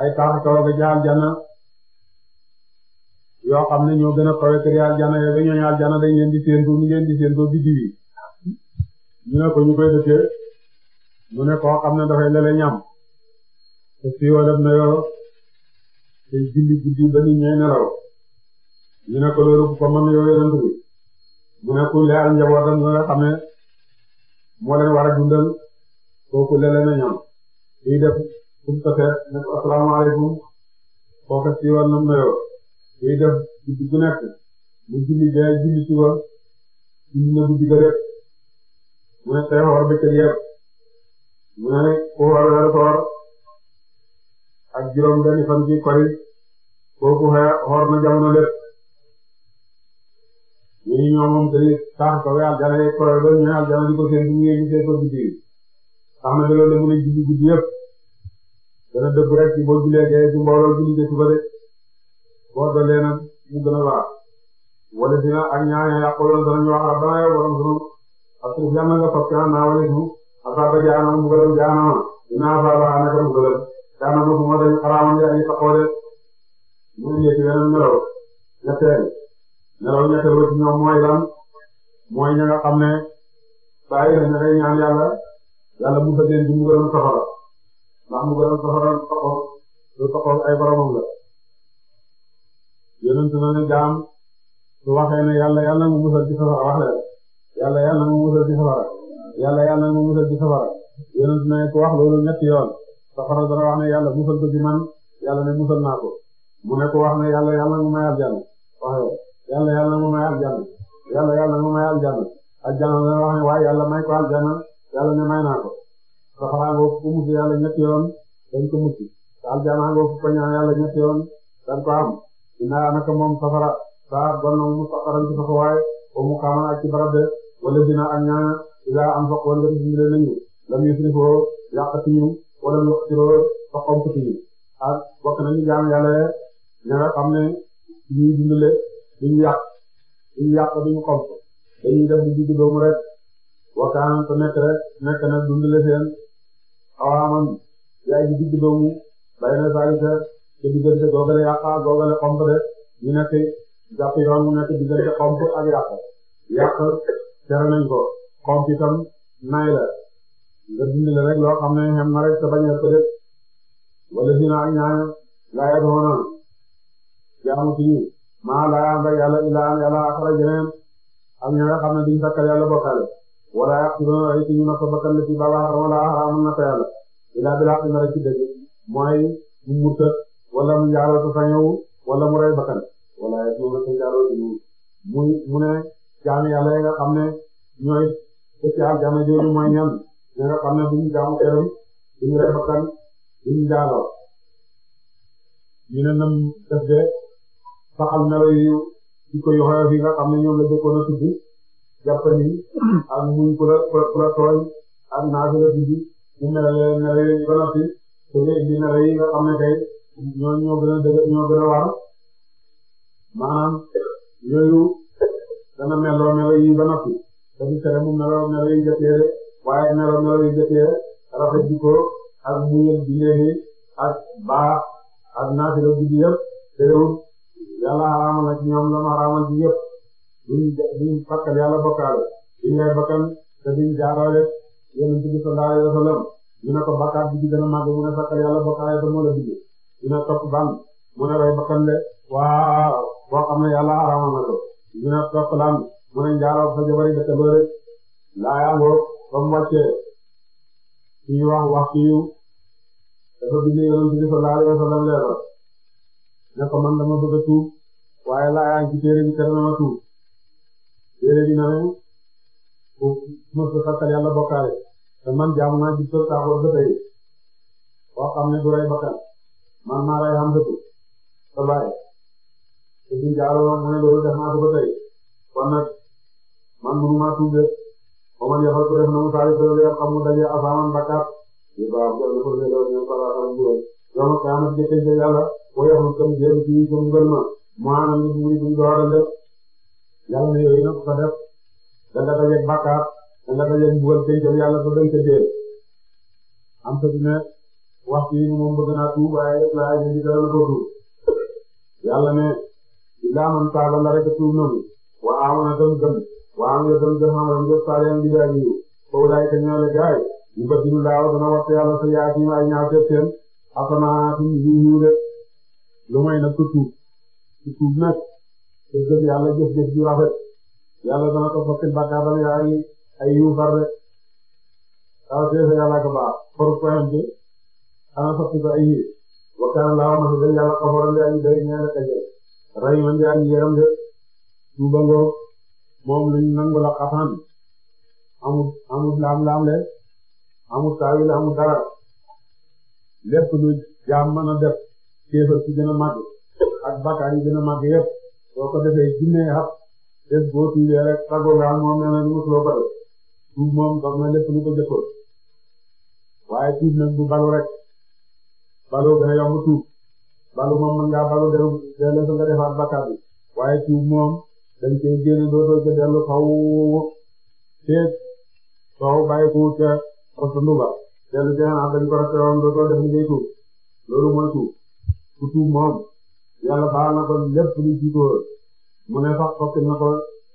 ay taax kaw ga jaal jana yoo xam ne ñoo gën a kawe kër aljana yooyu ñooñu aljana dañ leen di séentu ñu leen di séentu biddiw yi ñu ne ko ñu koy dëkkee mu ne koo xam ne dafay lele ñam te siiwalam na te julli julli ba nit ñay nelaw ñu ne ko loolu bu ko mën yoo yonent bi mu ne ku leyal njabootam nga xam ne moo leen war a dundal kooku lele na ñam liy def fu mu ne ko asalaamaaleykum kooku siiwal nam na yoo liy def guddi gu nekk mu julli dee julli suba julli na guddi ga rek mu ne tey woor bëccëg yëpp mu ne ku woor weeru ak juróom benn fan kori kooku woor na jamono lépp ñooñu ñoo moom dañuy tax ko wéyal yi koor ba ñu ne aljana di ko seen bu ñu gisee ko guddi tax na loolu la mën a julli guddi yëpp dana dëgg rek ci boo jullee gee ci mbooloo julli de suba de boo dolee a baax wala dina wax rabbana yow parce que jàmm nga fokk naa wala ñu asaaba jaanama mbugalam jaanama dina asaaba anaka mbugalam jaanama bu ma dañ xaraaman di ay taxoole muy ñetti weneen melaw ñetteel melaw ñetteel ba ci ñoom mooy lan mooy ña nga xam ne bàyyi la ña ngay ñaan yàlla yàlla musal leen ci mbugalam safara ndax mbugalam safara taxool lu taxool ay boromam la yonent na ne jaam su waxee ne yàlla yàlla mu musal ci safara wax leen yàlla yàlla na ma musal ci safara yàlla yàlla na ma musal ci safara yonent ne ku wax loolu ñetti safara dana wax ne yàlla musal ko man yàlla ne musal naa ko mu ne wax ne yàlla yàlla na ma may aljanna waxee yàlla yàlla na ma may aljanna yàlla yàlla na ma may aljanna aljanna dana wax may naa ko safara ngoo ku mucc yàlla ñetti yoon dañ ko mucc aljanna ngoo ku ko ñaan yàlla ñetti yoon dañ am dinaa naka moom safara saa doon safara ci ko wala dina añaa ilaa anfaqoo ndem dimbale nañu lam yusrifoo yàqatiñu wala yuqsiroo toqomkatiñu ak bokk nañu jaam yàlla ña nga xam ne ñuy dimbale duñu yàq duñu yàq duñu xomp dañuy def di digg doomu rek wakaan te nekk rek nekk na dundale seen awaaman yaay di digg doomu bay na salika te diggante googale yàq yàq yàq tere nañ ko koom ci tam nay la nga dindi la rek loo xam ne xem na rek te bañ a ko def wala dina ak ñaar laaya doona jaamu ci maa laa ànd ak yàlla ilaa yàlla akara jeneen ak ña nga yàlla bokkaale wala yàq ci doona ci na rek ci dëgg mooy mu mutta wala mu jaaroo sa sañewu wala mu rey bakkan wala yàq ci doona sa jaaroo ci muy mu ne jaamu yàlla yi nga xam ne ñooy dëkk aljana jooju mooy ñan ñi nga xam ne duñu jaamu xërëm duñu rey bakkan duñu njaaloo ñu ne nam def de saxal melo yu ci ko yu xoyof yi nga xam ne ñoom la jëkkoon a tudd jàppani ak muñ ku la ku la tooñ ak naagi la tudd ñu melale melo yooyu ba noppi te nga indi melo yi nga xam ne tey ñoo ñoo gën a dëgg ñoo gën a war maanaam yooyu dana meloo melo yi ba noppi te du tere mu meloo melo yu jotee de waaye meloo melo yu jotee rafet jikko ak muyal bindee ak baax ak naafila guddi yëpp terewul yàlla xaraamal na ci ñoom la mu xaraamal ci yëpp duñ duñ fakkal yàlla bokkaale duñ lay bakkal te duñ jaarale yonent bi sallallahu alayhi wasallam ñu ne ko bakkaat bi di gën a màgg mu ne fakkal yàlla bokkaale te moo la bind ñu ne topp ban mu ne rey bakkal de waaw boo xam ne yàlla xaraamal na ko dina topp lamb mu ne njaaloog sa jabari dëkkandoo rek laa yaa ngoog ba mu kii wax wax kii dafa bind yonent bi sallallahu alayhi wa sallam leeral ne ko man dama bëgg a tuub waaye laa yaa ngi ci téere bi tere na ma tuub téere bi na te man jaamu naa ci kër saako ba tey boo xam ne du rey bakkan man te ci jaaroo mu ne loolu def naa ko ba tey kon nag man mënu maa tuub de ba man yafal ko def na mu saali prévére xam mu daje asaaman bakkaat yi baax ko dafa réew ñu salaatam buróom yooma kaanat jëkke ca yàlla boo yaxlu kam jéem ci ko ngal ma mu aanam ni buuri buñ dowaral def yàlla ne yooyu nag ko def da nga dajeeg bakkaat da nga dajeeg mbugal pencam yàlla ba dañ ca jéem am sa dina waxtu yi moom bëgg naa tuub waaye laa ñu di dara la ko tuub yàlla ne illaa man taaba la rek tuub na mu wa amana tam gëm wa amila tam jëf amalam jëf saalihan di daaji yu fa ulaay ka ñoole gaay yu badilu laaw dana waxtu yàlla sa yaati ay ñaaw seet seen asamaatin yu yiw de lu may nag ku tuub ku tuub nag te gëm yàlla jëf jëf dana ko soppil bàkkaar ay ay yiw far de waaw tey sa yàlla ka ana soppi ko ay wa kaana laaw ma sa day yàlla xafaral day ñaare ka jëf rëy man di aji yërëm de Touba Ngop moom luñ nangu la xataan amul amul laam-laam de amul taawil amul dara lépp lu jaam mën a def kéefar ci gën a màgg ak bakkaar yi gën a màgg yëpp soo ko defee jinne xat bés boo tuubee rek tàggoo nga moom nee na lu musuloo ko moom daf na lépp ko jëfoon waaye tuub nag du balu rek baloo gën a yomb tuub balu moom mën ngaa balu dellu dellu sa nga defaat bakkaar waaye tuub moom dañ koy génn dootoo ca dellu xaw feeg soo bàyyi ko ca xottu ba dellu ca xanaa dañ ko rafetloon dootoo def ngay tuub loolu mooy tuub ku tuub moom yàlla baal na ko lépp lu jiitu mu ne sax soppi na ko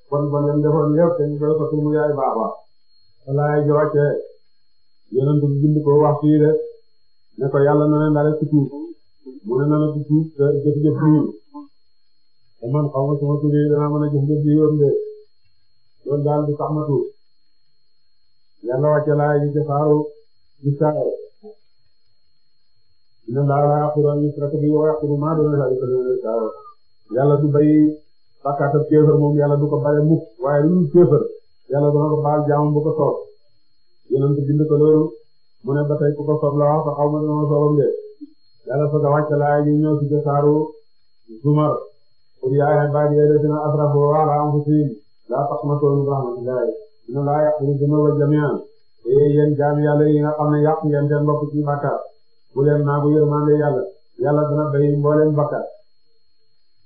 kon ba ngeen defoon lépp dañu koy soppi mu yaay baax a baax. walaay ji wàccee yonent bi bind wax fii rek ne ko yàlla na leen daal ku tuub. mu ne na la bis nit ka jëf-jëf ñun te man xaw ma sama tur yi danaa mën a jëf-jëf yi yoon de loolu daal di sax ma tur yàlla wàcce laay laa yaquru an yushraka bihi wa yaqulu maa duuna zaalika min al-istaar yàlla du bay bakkaatab kéefër moom yàlla du ko mukk waaye lu ñu kéefër yàlla dana ko baal bu ko soob yonent bind ko loolu ba tey ku ko soob la wax xaw ma dana soobam de yàlla soog a wàcce laay ñu ñëw ci saaru Zumar qul yaa ibaadiya allaziina asrafu alaa anfusihim laa taqnatuu min rahmatillaahi inna Allaaha yaghfiru zunuuba jamii'an ee yéen jaam yàlla yi nga xam ne yàq ngeen seen bopp ci bàkkaar bu leen naagu yërmande yàlla yàlla dana bay mbooleem bàkkaar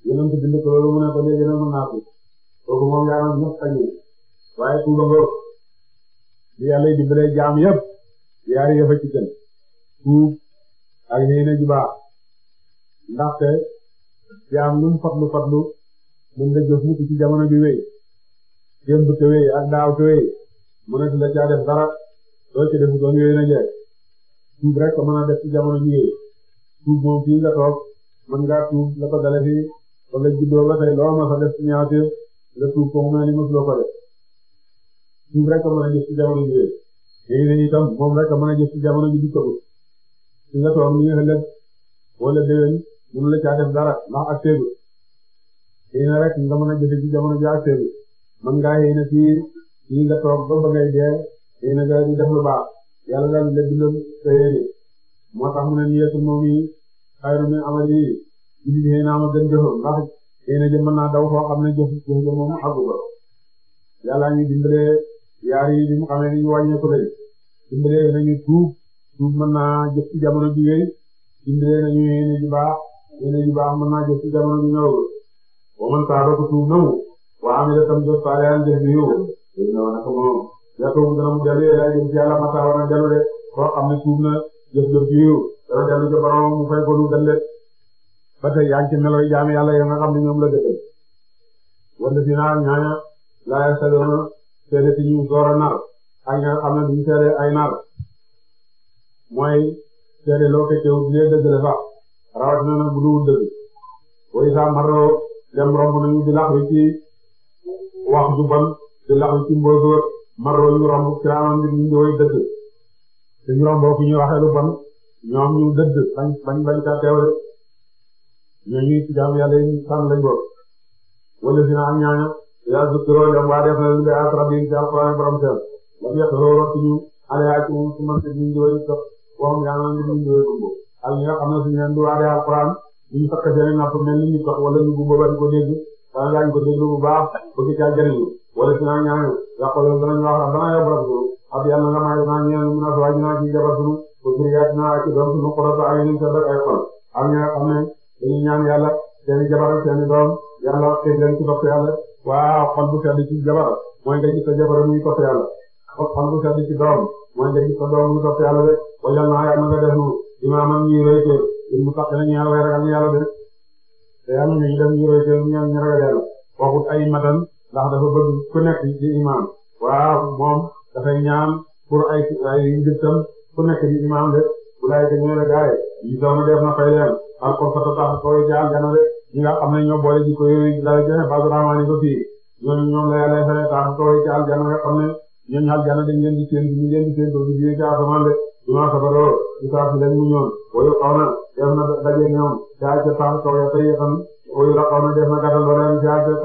yéen bind ko loolu mu ne ko léegi nag mën naa ko kooku moom yaa ngi ñëpp kañ waaye tuuba ngóor bi yàlla dimbalee jaam yëpp yaari yëfa ci gën ak yéene ju baax ndaxte jaam lu mu fotlu mën nga jëf mukk ci jamono bi wéy démb te wéy ak daaw te wéy mënatu la caa def dara ci defu doon yéene jeex tuub rek ko mën a def ci jamono tuub moom fii nga toog mën ngaa tuub la ko dale fii ba tey loo ma def ci ñaawte nga tuub ko mu mel ni mosuloo ko def tuub rek ko mën a jëf ci jamono bi wéy yéene moom rek ko mën a jëf ci bi di ko fi nga toog nii ëllëg wala déwén mënu la caa def dara ndax ak seegul xëy rek nga mën a jëfe ci jamono bi ak seegul mën ngaa xëy na fii nga toog ba ba ngay dee xëy nga def lu baax yàlla la bindal sa yéene moo tax mu moom yi xayru min amali yi indi xëy na ama gën jëfam ndax xëy na jëm mën naa daw foo xam ne jëf jëf ga moom àggu ko yàlla ñu dimbalee yaar yi bi mu xamee ni ñu wàññeeku lañ dimbalee nañu tuub suuf mën naa jëf ci jamono ji yooyu indee nañu yéene ju baax yéene ju mën naa jëf ci jamono ji ñëwul wa man saa doog suuf nangu waa mi la tam jëf saa yaa njëf yi yëngu yéen a moom yaakaar mu dana mu dellu yéen ci yàlla masaa wane dellu de koo xam ne suuf na jëf-jëf yi yëngu dana dellu ca borom mu fay ko lu ba tey yaa ngi ci melo yi yàlla ya nga xam ne ñoom la gëstoo wala si naan ñaanya laaya sa yoon seede si ñu door a nar ak ña nga xam ne mooy seede loo fekkee wu ñu dëgg la sax rawatina nag bu dul dëgg way saa maroo dem romb nañu di lax ci wax ju bon di lax ci mbóosóor maroo ñu romb kiraaman bi ñu ngi dëgg bañ bañ ka teew rek ñooñu ci jaam yàlla yi sànn lañ bokk si na am ñaaña yaa zukkiroo ñoom waa def na leen bi atrabin ci alxuraan borom la fi yàq roo rottuñu ale yaa ci moom su man ñu ngi way sox kooku yaa ngi leen di gumbo ak ñi nga xam ne suñu leen di waaree alquran ñu fekk seen i napp mel ni ñu tax wala ñu gumbo ba di ko dégg dana daañu ko déglu bu baax bëgg caa jëriñu wala si naan ñaari yàqaloo danañ wax dana yóbbu rafetlu ab yàlla nga may naa ñu ne naa suwaay ñu naa ciy jabar suñu pour que yaay naa ci doom suñu xorata ay nañ sa dëkk ay xol ak ñi nga xam ne dañuy ñaan yàlla seen i jabar ak seen i doom yàlla xëy leen ci topp yàlla waaw xol bu sedd ci jabar mooy nga gis sa jabar muy topp yàlla xol bu sedd ci doom mooy nga gis sa doom muy topp yàlla rek wajal naa yàlla nga def imaaman ñuy roy teef ñun bu tax dinañ ñaar way ragal yàlla de te yàlla ñu def ñuy roy teef ñaar ñu ragal yàlla waxut ay matan ndax dafa bëgg ku nekk ci imaam waaw moom dafay ñaan pour ay ay njëttam ku nekk ci imaam de bu laay te ñëwee gaay yi doon def na fay leen al ko fa tax ko jaan gana de ñi nga xam ne ñoo boole ji ko yooyu la joxe ba raamaani ko fii ñoom ñoom la yàlla fay tax ko jaan gana nga xam ne ñoom ñaal gana dañ leen di seen ñu leen di seen do di ci asamaan de bima sabaroo ci saa si lañ mu ñoon wayu xaw na def na daje ñoom ca ca taxi kooye tey yetan wayu la xaw na def na gàttal na yoo de xaali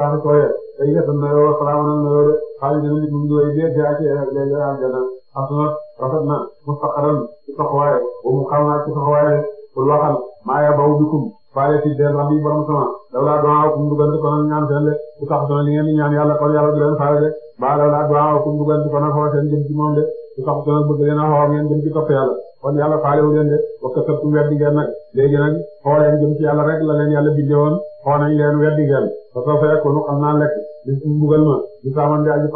dina li mu doy biir ca ca léegi aljana xasunat rafet na mustaqaran ci taxawaay wa mu xam naa ci taxawaay pour waxal maa ya baw bikum faale ci den wax bi borom sama lawla du'aakum dugal ko na ñaan seen de bu tax li di ñaan yàlla ba lawla du'aakum dugal ko na fa seen jëm ci su tax dana bëgg leen a xoo ngeen jëm ci topp yàlla kon yàlla faalewu leen de wax dëgg ku weddi ngeen léegi nag xoo leen jëm ci yàlla rek la leen yàlla bindee woon xoo nañ leen weddi ngeen te soo fekkoon xam naa lekk li mbugal ma li saa man di aju